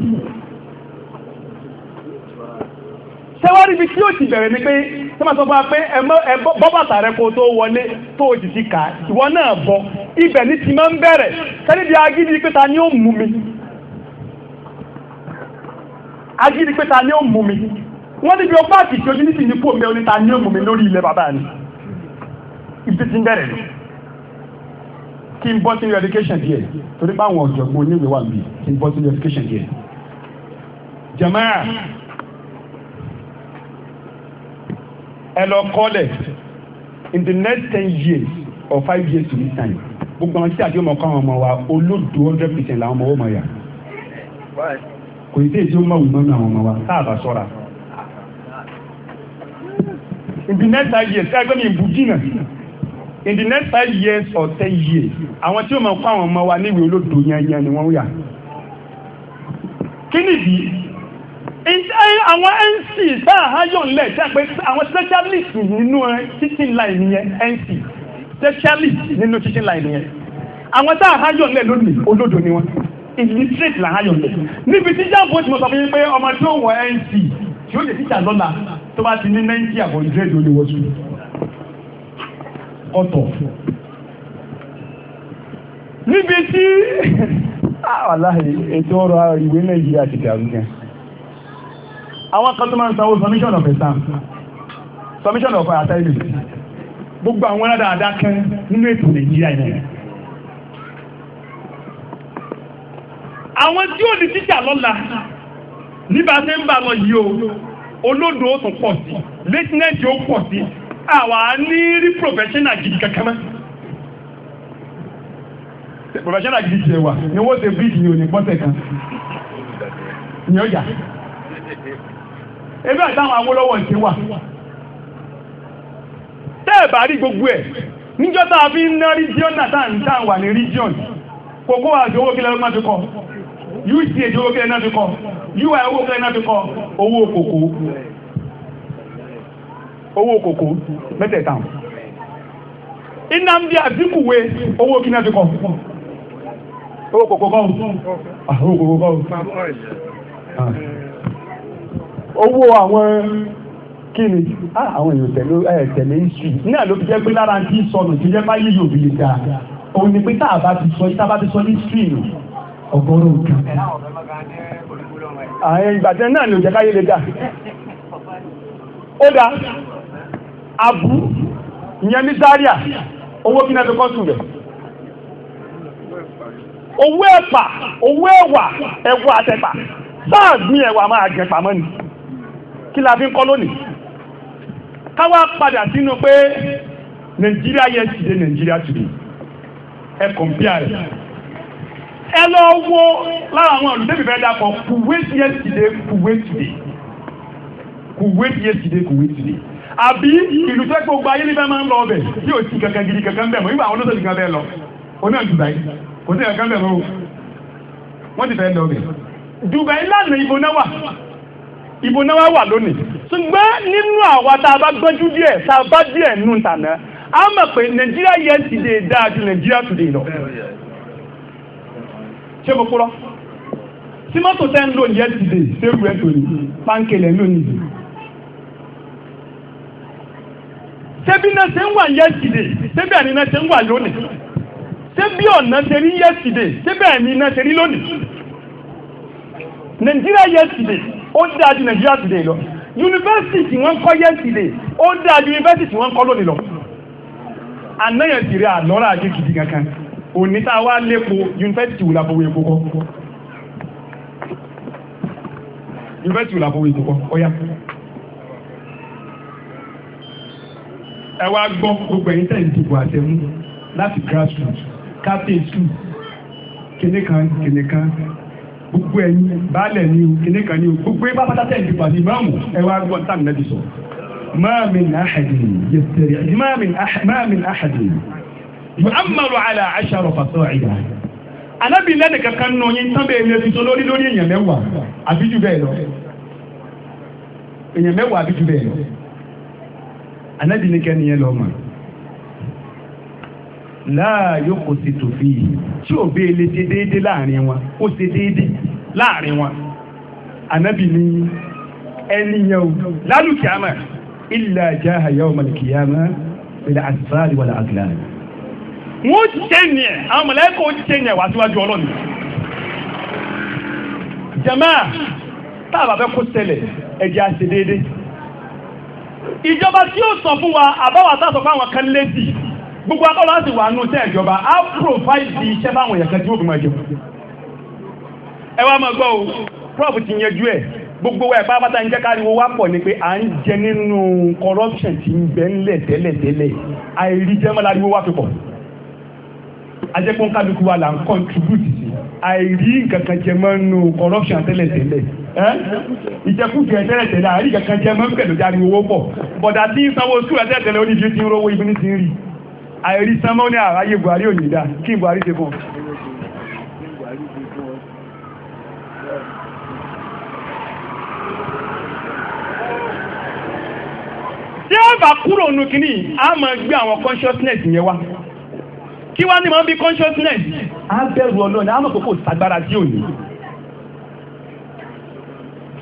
sẹ́wárí ibi tí ó ti bẹ̀rẹ̀ ni pé sọ́mà sọ fún wa pé bọ́ bàtà rẹ kó tó wọlé tó o jìjì kà ìwọ náà ibẹ̀ ní ti máa ń ta ni ó mú mi agídí pé ta ni ó ni ó mú mi lórí ilẹ̀ ibi ti ń kí n bọ́ sínú education díẹ̀ torí pé àwọn ọ̀jọ̀gbọ́n oníwèé wà níbí kí n bọ́ sínú education díẹ̀. jamaa ẹ lọ kọ́lẹ̀ in the next ten years or five years to this time gbogbo àwọn títí àti ọmọ kan ọmọ wa olóòdù hundred percent làwọn ọmọ ọmọ yà kò sí èyí tí ó mọ̀ wù mọ́nú àwọn ọmọ wa káàbà sọ́ra in the next five years ẹ gbẹ́ mi ìbùdí náà in the next five years or ten years àwọn tí ó máa kó àwọn ọmọ wa níwèé olódò yẹnyẹn ni wọ́n yà kí nìdí àwọn nc tá a há yọ̀ ńlẹ̀ tí a pè àwọn specialist nínú teaching line yẹn nc specialist nínú teaching line yẹn àwọn tá a há yọ̀ ńlẹ̀ lónìí olódò ni wọ́n illiterate là há yọ̀ ńlẹ̀ níbi tí jáàbù ó ti mọ̀ sọ fún yín pé ọmọ tí ó wọ nc tí ó lè tíjà lọ́la tó bá ti ní ninety àbọ̀ ìdírẹ́dì olówó sùn. ọ̀tọ̀ níbi tí aláhì ah, ètò ọrọ̀ ìwé nàìjíríà ti dàrú gan àwọn kan tó máa ń sanwó submission of exam submission of assignment gbogbo àwọn aládàáda kan nínú ètò nàìjíríà yẹn àwọn tí ò ní tíṣà lọ́la nígbà tí ń bá lọ yìí o tún pọ̀ sí àwa ní rí professional gidi kankan mọ́ professional gidi tiẹ̀ wa ni wọ́n ṣe bíìdì ní òní pọ́sẹ̀ kan ní ọjà ebi àtàwọn Awólọ́wọ̀ ṣe wà tẹ́ ẹ̀ bá rí gbogbo ẹ̀ níjọ́ tá a fi ń region náà tá à wà ní region kókó àti ui owó kílẹ̀ náà fi kọ́ owó kòkó mẹ́tẹ̀ẹ̀ta Nnamdi Azikiwe owó kí náà fi kọ́ owó kòkó kọ́ ah, owó kòkó kọ́ ah. owó àwọn kí ni ah, àwọn èèyàn tẹ̀lé ẹ̀ tẹ̀lé ìṣù náà ló fi jẹ́ pé lára ti sọnù ti jẹ́ báyé yóò fi lè dáa òun ni pé tá a bá ti sọ tá a bá ti sọ ní stream ọgọ́rùn kan. àwọn ìgbà náà ni òjẹ́ káyé lè dáa ó dáa abu ìyẹn ní zaria owó kí náà fi kọ́sùn bẹ̀ owó ẹ̀pà owó ẹ̀wà ẹ̀wà àtẹ̀pà sáà gbin ẹ̀wà máa gẹ̀pà mọ́ ni kí la fi ń kọ́ lónìí káwá padà sínú pé nàìjíríà yẹn ti dé nàìjíríà today ẹ kọ̀m̀pìà rẹ̀ ẹ lọ wo lára àwọn olùdébí fẹ́ dàpọ̀ Kuwait yẹn ti dé Kuwait today Kuwait yẹn ti dé Kuwait today àbí ìlú tẹ́ gbogbo ayé níbẹ̀ máa ń lọ ọbẹ̀ tí ò sí kankan gidi kankan bẹ̀ mọ́ nígbà àwọn olóṣèlú nìkan bẹ́ẹ̀ lọ oní àti Dubai kò sí kankan bẹ̀ mọ́ o wọ́n ti fẹ́ lọ ọbẹ̀. Dubai lánàá ibo náà wà ibo náà wà lónìí ṣùgbọ́n nínú àwa tá a bá gbọ́jú díẹ̀ tá a bá díẹ̀ nù tànà á mọ̀ pé Nàìjíríà yesterday dáa ju Nàìjíríà today lọ ṣé mo kúrọ́ tí mọ́tò tẹ́ ń lò yesterday ṣé rú ẹ̀ tó ní pánkẹ́lẹ̀ lónìí ṣebí náà ṣe ń wà yẹ́sìdè ṣebí àní náà ṣe ń wà lónìí ṣebí ọ̀nà ṣe rí yẹ́sìdè ṣebí àní náà ṣe rí lónìí nàìjíríà yẹ́sìdè ó dáa ju nàìjíríà tìdè lọ yunifásitì tí wọ́n kọ́ yẹ́sìdè ó dáa ju yunifásitì tí wọ́n kọ́ lónìí lọ anáyàn ti rí àlọ́rà ajé gidi kankan òní tá a wá lépo yunifásitì wò lábọ̀wé epo kọ́ yunifásitì wò lábọ̀wé epo kọ́ ọ̀yá. ẹ wá gbọ́ gbogbo ẹ̀yin tẹ̀ ń dìbò àtẹ̀mú láti grassroots captain two kìnìún kan kìnìún kan gbogbo ẹ̀yin baálẹ̀ ni o kìnìún kan ni o gbogbo ẹ̀ bá pátá tẹ̀ ń dìbò àti ìmáàmù ẹ wá gbọ́ táwọn náà ti sọ. ما من أحد يستريح ما من أح ما من أحد يؤمل على عشر فصاعدا kan nù yín tán bẹ́ẹ̀ lè fi so lórí lórí èèyàn mẹ́wàá àbí anábì ní kẹ́ni yẹn lọ́mọ láàyò kò sì tò fi yìí tí ò bẹ́ẹ̀ lè ṣe déédéé láàrin wọn ó ṣe déédéé láàrin wọn anábì ní ẹni yẹn o lálùkìámà ilà ajá àyà ọmọlùkìámà pẹ̀lú àtìfáàlì wàlà àgìlà wọn jẹ ní ẹ àwọn mọlẹkọ jẹ ní ẹ wá síwájú Ọlọ́run jama tá a bá fẹ́ kó ṣẹlẹ̀ ẹ jẹ́ àṣẹ déédéé ìjọba tí ó sọ fún wa àbáwá tá a sọ fún àwọn kan létí gbogbo akọ́lọ́ àti wà nù tẹ́ ìjọba á provide iṣẹ́ báwọn èèyàn kan tí ó fi máa jẹun. ẹ wá máa gbọ́ o prof ti yanjú ẹ̀ gbogbo wa ẹ̀fọ́ apáta ń jẹ́ káriwo wá pọ̀ ni pé à ń jẹ nínú corruption ti ń bẹ ńlẹ̀ tẹ́lẹ̀tẹ́lẹ̀ àìrí jẹ́mọ́ láriwo wá fi pọ̀ ajẹ́pọ̀ kálukú wa là ń contribute sí àìrí nǹkankan jẹ mọ́ nù corruption tẹ́lẹ̀tẹ́lẹ̀ ìjẹkújẹ tẹ́lẹ̀tẹ́lẹ̀ àìrí nǹkankan jẹ mọ́ nígbà tó jáde owó pọ̀ bọ̀dà tí ń sanwó sùúrù tẹ́lẹ̀tẹ́lẹ̀ ó ní ibi tí ń rówó ibi ní ti ń rí àìrí sanwó ní àráyé Buhari ò ní dá kí Buhari ṣe fún tí ó bá kúrò nù kínní a máa gbé àwọn consciousness yẹn wá kí wá ní màá bí consciousness á bẹ̀rù ọlọ́run ní àmọ̀ kókò sagbára sí òní.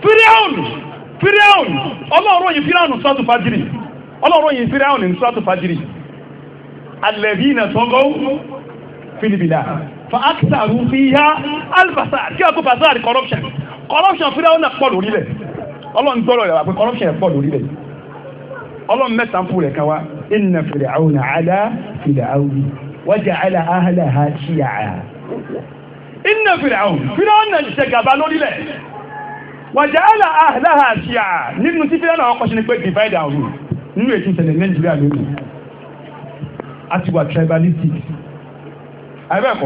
firiahun firiahun ọlọ́run yìí firiahun sọ́ọ̀tù fajiri. ọlọ́run yìí firiahun ní fajiri. fàjìrì alladhina tọ́gọ́ filibila fa akitaru fiya alifasa kí wàá kó bazaar corruption corruption firiahun náà pọ̀ lórí rẹ̀ ọlọ́run gbọ́dọ̀ rẹ̀ wá pé corruption pọ̀ lórí rẹ̀ ọlọ́run mẹ́ta ń fún rẹ̀ kan inna firiahun ala firiahun. waja'ala ahlaha shiya'a. inna firaun firaun náà ṣiṣẹ́ gàba lórílẹ̀ waja'ala ahlaha shiya'a nínú tí firaun àwọn kọ́ṣẹ́ ni pé divide and rule nínú ètò ìṣẹ̀lẹ̀ nàìjíríà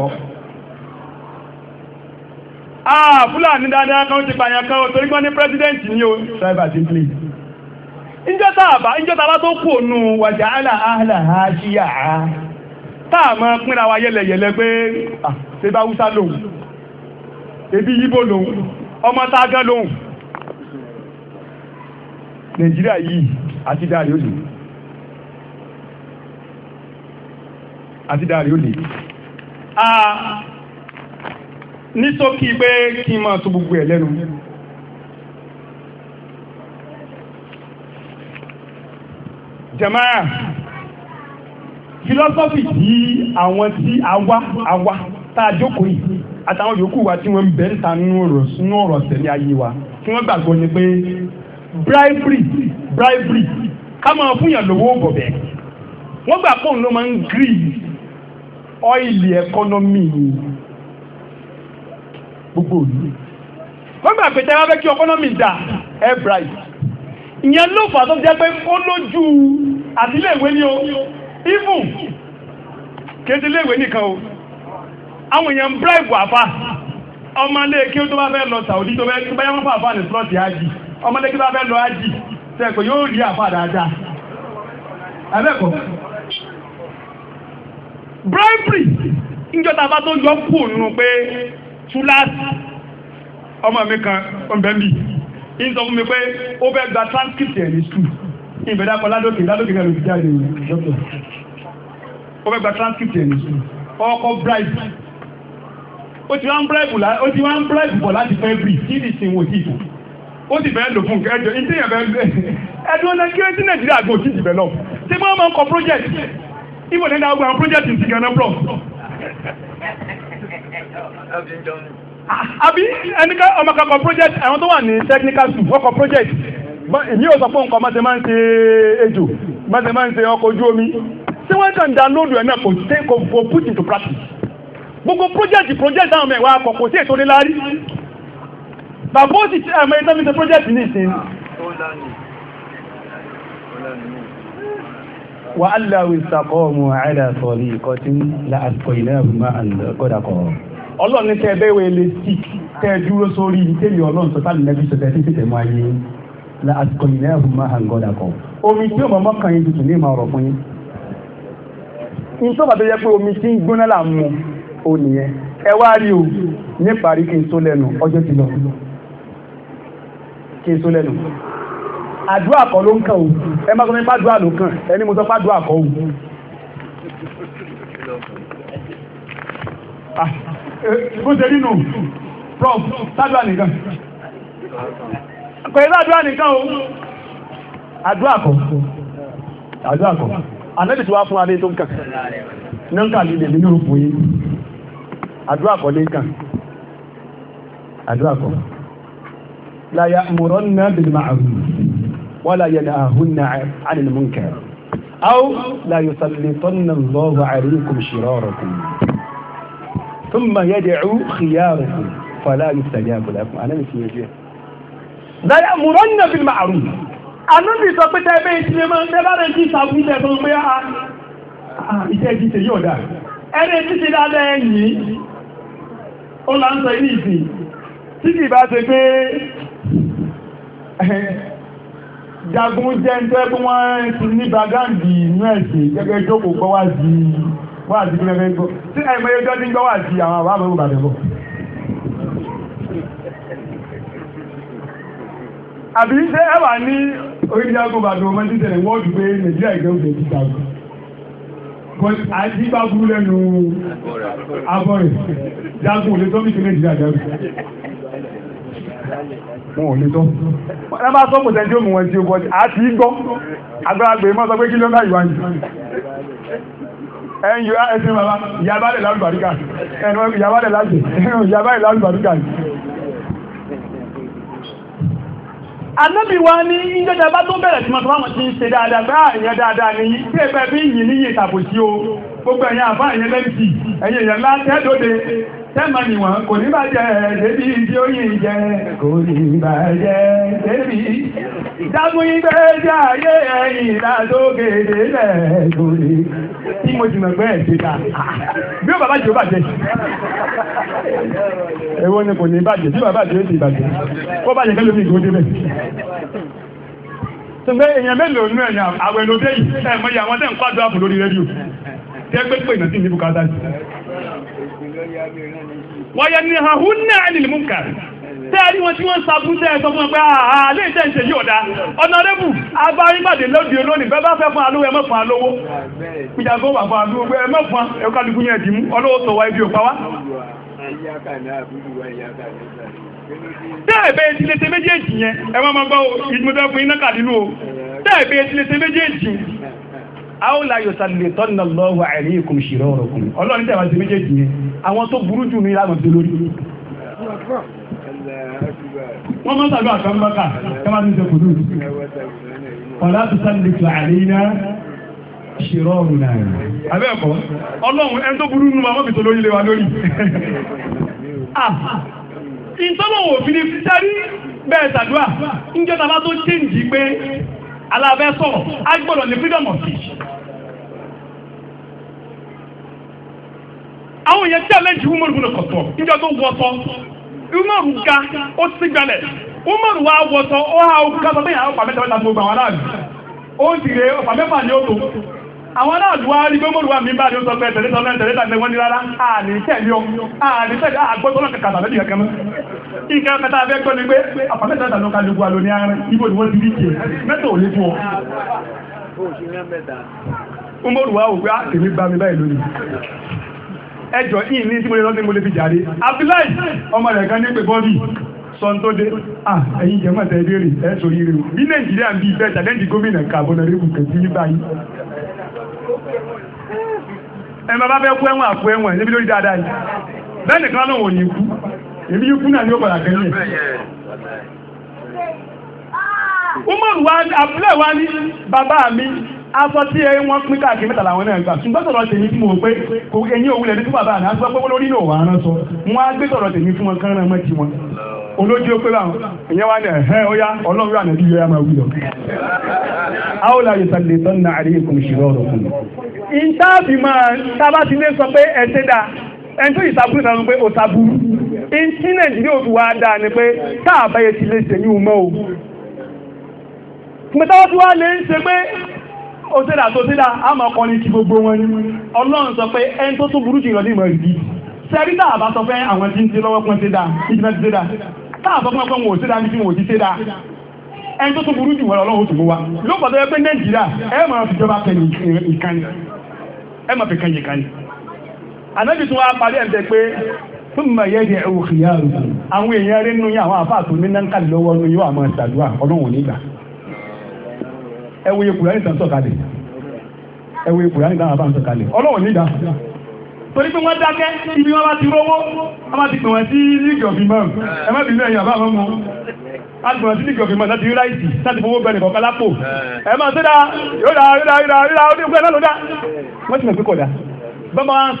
ah fulani dáadáa kan ti pààyàn kan o torí ni o tribal ti play ìjọta àbá ìjọta bá tó kú ònú táà mọ́ pínra wa yẹlẹyẹlẹ pé ṣe bá wúsá lòun ebi yíbò lòun ọmọ tágán lòun nàìjíríà yìí àti dáàrí ó lè àti dáàrí ó lè a ní ṣókí pé kí n máa tó gbogbo ẹ̀ lẹ́nu jàmáà philosophy tí àwọn tí àwa àwa tá a jókòó yìí àtàwọn yòókù wa tí wọ́n ń bẹ̀ ń ta nínú ọ̀rọ̀ tẹ̀lé ayé wa tí wọ́n gbàgbọ́ ni pé bribery bribery ká máa fún yàn lówó bọ̀bẹ̀ wọ́n gbà pọ́ùn ló máa ń grease ọ́ìlì ẹ̀kọ́nọ́mì gbogbo òní wọ́n gbà pé tẹ́ wá fẹ́ kí ẹ̀kọ́nọ́mì dà air bright ìyẹn ló fà tó jẹ́ pé ó lójú àtìlẹ́wé ni ó ifun kéde léèwé nìkan o àwọn èèyàn bribe àfa ọmọ ilé kí ó tó bá fẹ́ lọ sàwọ́dí tó bá yẹn wọ́n fà àfa ní slọ́ọ̀tì ájì ọmọ ilé kí ó bá fẹ́ lọ ájì sẹ́kọ̀ yóò rí àfa dáadáa abẹ́kọ̀ bribery níjọba bá tó yọ kú nínú pé túláàsì ọmọ mi kan ọ̀bẹ mi ń sọ fún mi pé ó fẹ́ gba transcript ẹ̀ ní school ìbẹ̀dàpọ̀ ládòkè ládòkè rẹ̀ ló fi ó fẹ́ gba transcript ẹ̀ nìṣó ọkọ̀ bribe ó ti wá ń bribe bọ̀ láti fẹ́ bì kí ni ìsìn wò tìtò ó ti fẹ́ lò fún kẹjọ ìdí yẹn fẹ́ ẹdun ọ̀nà kí ẹtí nàìjíríà gbò tí develop ṣé wọ́n máa ń kọ project ìwọ̀n ní ìdáwọ́ àwọn project ti gánà blọ̀ àbí ẹnìkan ọmọ kan kọ project àwọn tó wà ní technical school wọ́n kọ project èmi ò sọ pé nǹkan mọ́tẹ́ máa ń ṣe ejò mọ́tẹ́ máa ń ṣe ọkọ̀ ojú omi tí wọ́n kàn dá lóòdù ẹ̀ náà kò tẹ́ kò kò put into practice gbogbo project project àwọn ọmọ ẹ̀wà akọ̀ kò sí ètò níláárí bàbá ó sì ti àmọ́ ẹ̀tọ́ mi ṣe project ní ìsìn. wà á lè àwọn ìsàkọ́ ọmọ àìdá sọ̀rọ̀ ìkọ́ tí láàkó ilé ẹ̀rù máa ń kọ́dà ọlọ́run ní tẹ́ ẹ bẹ́ẹ̀ wẹ̀ sórí tẹ́lẹ̀ ọlọ́run sọ́tàlì nẹ́bí sọ́tẹ́ tí tètè ayé la àsìkò yìí náà fún máa hàn gọ́dà kọ́ omi tí òmò mọ́kàn yín tuntun ní ìmọ̀ ọ̀rọ̀ fún yín nítorí àti yẹ pé omi tí ń gbóná là ń mu nìyẹn ẹ wá rí o níparí kí n tó lẹ́nu ọjọ́ ti lọ kí n tó lẹ́nu àdúrà kọ́ ló ń kàn o ẹ má sọ fún mi bá àdúrà ló kàn ẹni mo sọ fún àdúrà kọ́ o ah, eh, bó ṣe nínú prof sábà nìkan pẹ̀lú àdúrà nìkan o àdúrà kọ̀ àdúrà kọ̀ ànábì tí wàá fún adé tó ń kàn náà ń kà lílẹ̀ ní yúròpù yìí àdúrà kọ̀ ní kàn àdúrà kọ̀ la ya'murunna bil ma'ruf wa la yanahunna 'anil munkar aw la yusallitanna Allahu 'alaykum shirarakum thumma yad'u khiyarakum fala yustajabu lakum ànábì tí yẹn jẹ́ dàyà múrọ́ nínú bí màrú ànúbì sọ pé tẹ́ bẹ́ẹ̀ ti lè máa ń tẹ́ bá rẹ̀ ti sàkú tẹ́ tó ń pé á ah, ah, iṣẹ́ ti ṣe yóò dà ẹni tí ti dáadáa ẹ̀yìn ó là ń sọ ilé ìsìn tí kì bá ṣe pé jagun jẹ́ ń tẹ́ bí wọ́n ti ní bagandi inú ẹ̀sìn gẹ́gẹ́ jókòó gbọ́ wá sí wá sí gbẹ́gbẹ́ gbọ́ sí ẹ̀mọ́ ẹjọ́ ti ń gbọ́ wá sí àwọn àbábọ̀ bàbẹ̀ bọ̀. àbí ṣé ẹ wà ní orílẹ̀-èdè àgbàdo ọmọ tí tẹ̀lé wọ́ọ̀dù pé nàìjíríà ìgbẹ́ òde ti dàgbà àti bá burú lẹ́nu abọ́rẹ̀ jágùn òde tó bí ti nàìjíríà dàgbà wọn ò lè tọ́. ẹ bá sọ pòtẹ́ tí ó mú wọn tí ó bọ́ àti gbọ́ agbára gbèrè mọ́ sọ pé kí ló ń bá ìwà yìí. ẹ ń yọ ẹsẹ̀ bàbá ìyá bá lè lálùbáríkà ẹ ń yọ ìyá bá lè lálùbáríkà anábì wa ní ìjọba tó bẹ̀rẹ̀ tí mo tó ti ń ṣe dáadáa bá àyàn dáadáa ní pé ẹgbẹ́ bí yìí níyì tàbùtì o gbogbo ẹ̀yin àbá ẹ̀yin lẹ́ǹtì ẹ̀yin èèyàn ńlá tẹ́dóde tẹ́mà nìwọ̀n kò ní bàjẹ́ débi tí ó yìn jẹ́ kò ní bàjẹ́ débi. dágún yín bẹ́ẹ̀ jẹ́ ayé ẹ̀yìn ìdádókè délẹ̀ kò ní. tí mo jìnnà gbẹ́ ẹ̀ ṣe ta bí ó bàbá jẹ́ ó bàjẹ́. èwo ni kò ní bàjẹ́ tí bàbá jẹ́ ó ti bàjẹ́ kó bàjẹ́ kẹ́lómi ìgbó débẹ̀ tùgbẹ́ èèyàn mélòó nínú ẹ̀yàn àwẹ̀lódé yìí ẹ̀ mọ̀ iye àwọn tẹ̀ ń kọ́ àdúrà fún lórí rédíò tẹ́gbẹ́gbẹ́ ìnàtí ní bùkátà sí. wọ́yẹ ní ahun náà ní lèmúkà tẹ́ ẹ wọn tí wọ́n ń tẹ́ ẹ sọ fún pé àhà ah, ah, ah, lè tẹ́ ẹ ṣe yí ọ̀dà fún alówó ẹ fún alówó ìjàgbọ́ wà fún alówó ẹ fún méjèèjì yẹn máa gbọ́ fún iná kàdínú o àwòlá yòsàlè tọ́nà lọ́wọ́ àìrí ìkùn ṣìrọ̀ ọ̀rọ̀ kùn ọlọ́run tẹ̀wá ti méjèèjì yẹn àwọn tó burú jù ní ìlànà tó lórí. wọ́n mọ́ sàgbà kan bọ́kà kẹ́mà ní ìjọ kùdù. ọ̀là tó sàlè tó àìrí náà ṣìrọ̀ ọ̀rùn náà. abẹ́ ẹ̀kọ́ ọlọ́run ẹni tó burú nù máa mọ́bì tó lórí lé wa lórí. Ah, ìtọ́lọ̀wọ̀ fi ni dárí bẹ́ẹ̀ sàdúrà ń jẹ́ tàbá tó chéǹjì pé alábẹ́ sọ̀rọ̀ á gbọ́dọ̀ ní freedom of speech. àwọn yẹn challenge Umar bin Khattab níjọ́ tó wọ́tọ́ Umar ga ó sì gbalẹ̀ Umar wa wọ́tọ́ ó ha ó ká sọ pé àwọn pàmẹ́ta mẹ́ta tó gba àwọn aráàlú ó sì rè é pàmẹ́fà ni ó tó àwọn aráàlú wa rí Umar wa mi bá ní ó sọ pé tẹ̀lé sọ pé tẹ̀lé tàbí wọ́n ní rárá àní tẹ̀lé ọ àní tẹ̀lé àgbọ̀tọ́ náà kàkà tàbí kàkà mọ́ nǹkan kẹta abẹ́ gbọ́ ni pé àpàmẹ́ta tàbí ọkà lóko àlọ́ ní ara ibo ni wọ́n ti rí jẹ mẹ́ta ò lè fún ọ Umaru wa wò pé àtẹ̀mí gbá mi báyìí lónìí ẹjọ́ yìí ní tí mo lè mo lè fi jàre Abdullahi ọmọ rẹ̀ kan ní pé bọ́ọ̀lì sọ́ńtọ́dé à ẹ̀yin jẹ́ ebeere ìbéèrè ẹ̀ sórí rẹ̀ o bí Nàìjíríà ń bí ìfẹ́ challenge gómìnà kàbọ̀nà rẹ̀ kùkẹ́ sí báyìí. ẹ bàbá fẹ́ kú ẹ̀wọ̀n ẹ̀wọ̀n lórí dáadáa yìí bẹ́ẹ̀ ní aṣọ tí ẹ wọ́n pín káàkiri mẹ́ta làwọn náà gbà ṣùgbọ́n sọ̀rọ̀ tèmi fún wọn pé kò ẹ̀yìn òwúlẹ̀ ní tí bàbá àná sọ pé lórí náà wà á sọ wọn á gbé sọ̀rọ̀ tèmi fún wọn kán rán mọ́ tiwọn olójú ó pé báwọn ìyẹn wá ní ẹ̀hẹ́ ọ̀yá ọlọ́run ànábì yóò yá máa wí lọ. àwòlà yóò sàlẹ̀ tán náà àríyé kò ṣe lọ́rọ̀ fún mi. ìtàbí máa tábà ti lè sọ pé ẹ ṣe dáa ẹni tó ìsàbúrú náà ló pé ó sàbúrú. ìtí nàìjíríà ò fi wá dáa ni pé táàbáyé ti lè ṣèyí mọ́ ó tẹ́lá tó tẹ́lá àmọ́ kan ní ti gbogbo wọn ni ọlọ́run sọ pé ẹni tó tó burú jù lọ ní ìmọ̀ ìdí sẹ́rí tá a bá sọ pé àwọn tí ń ti lọ́wọ́ pọ́n tẹ́lá ìjìnlẹ̀ ti tẹ́lá tá a sọ pé wọ́n ò tẹ́lá ní ti wọ́n ò ti tẹ́lá ẹni tó tó burú jù wọn lọ́wọ́ tó wá ló pọ̀ tó yẹ pé nàìjíríà ẹ máa fi jọba kẹ́ni ìkànnì ẹ máa fi kẹ́ni ìkànnì ànábì tún wá parí ẹ̀ pé túnmọ̀ yẹ́ di ẹ̀wù kìyà àwọn èèyàn rẹ̀ nù yín àwọn àfáà tó ní náà ń kà lọ́wọ́ nù yín wà máa ṣàdúrà ọlọ́run nígbà ẹ wo iye kùránì tán sọ̀kalẹ̀ ẹ wo àbá ibi wọn bá ti rówó wọ́n bá ti pè wọ́n sí league of ẹ má bínú ẹ̀yìn àbá a ti pè sí láti láti fowó lápò ẹ yóò dá yóò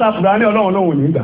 dá yóò dá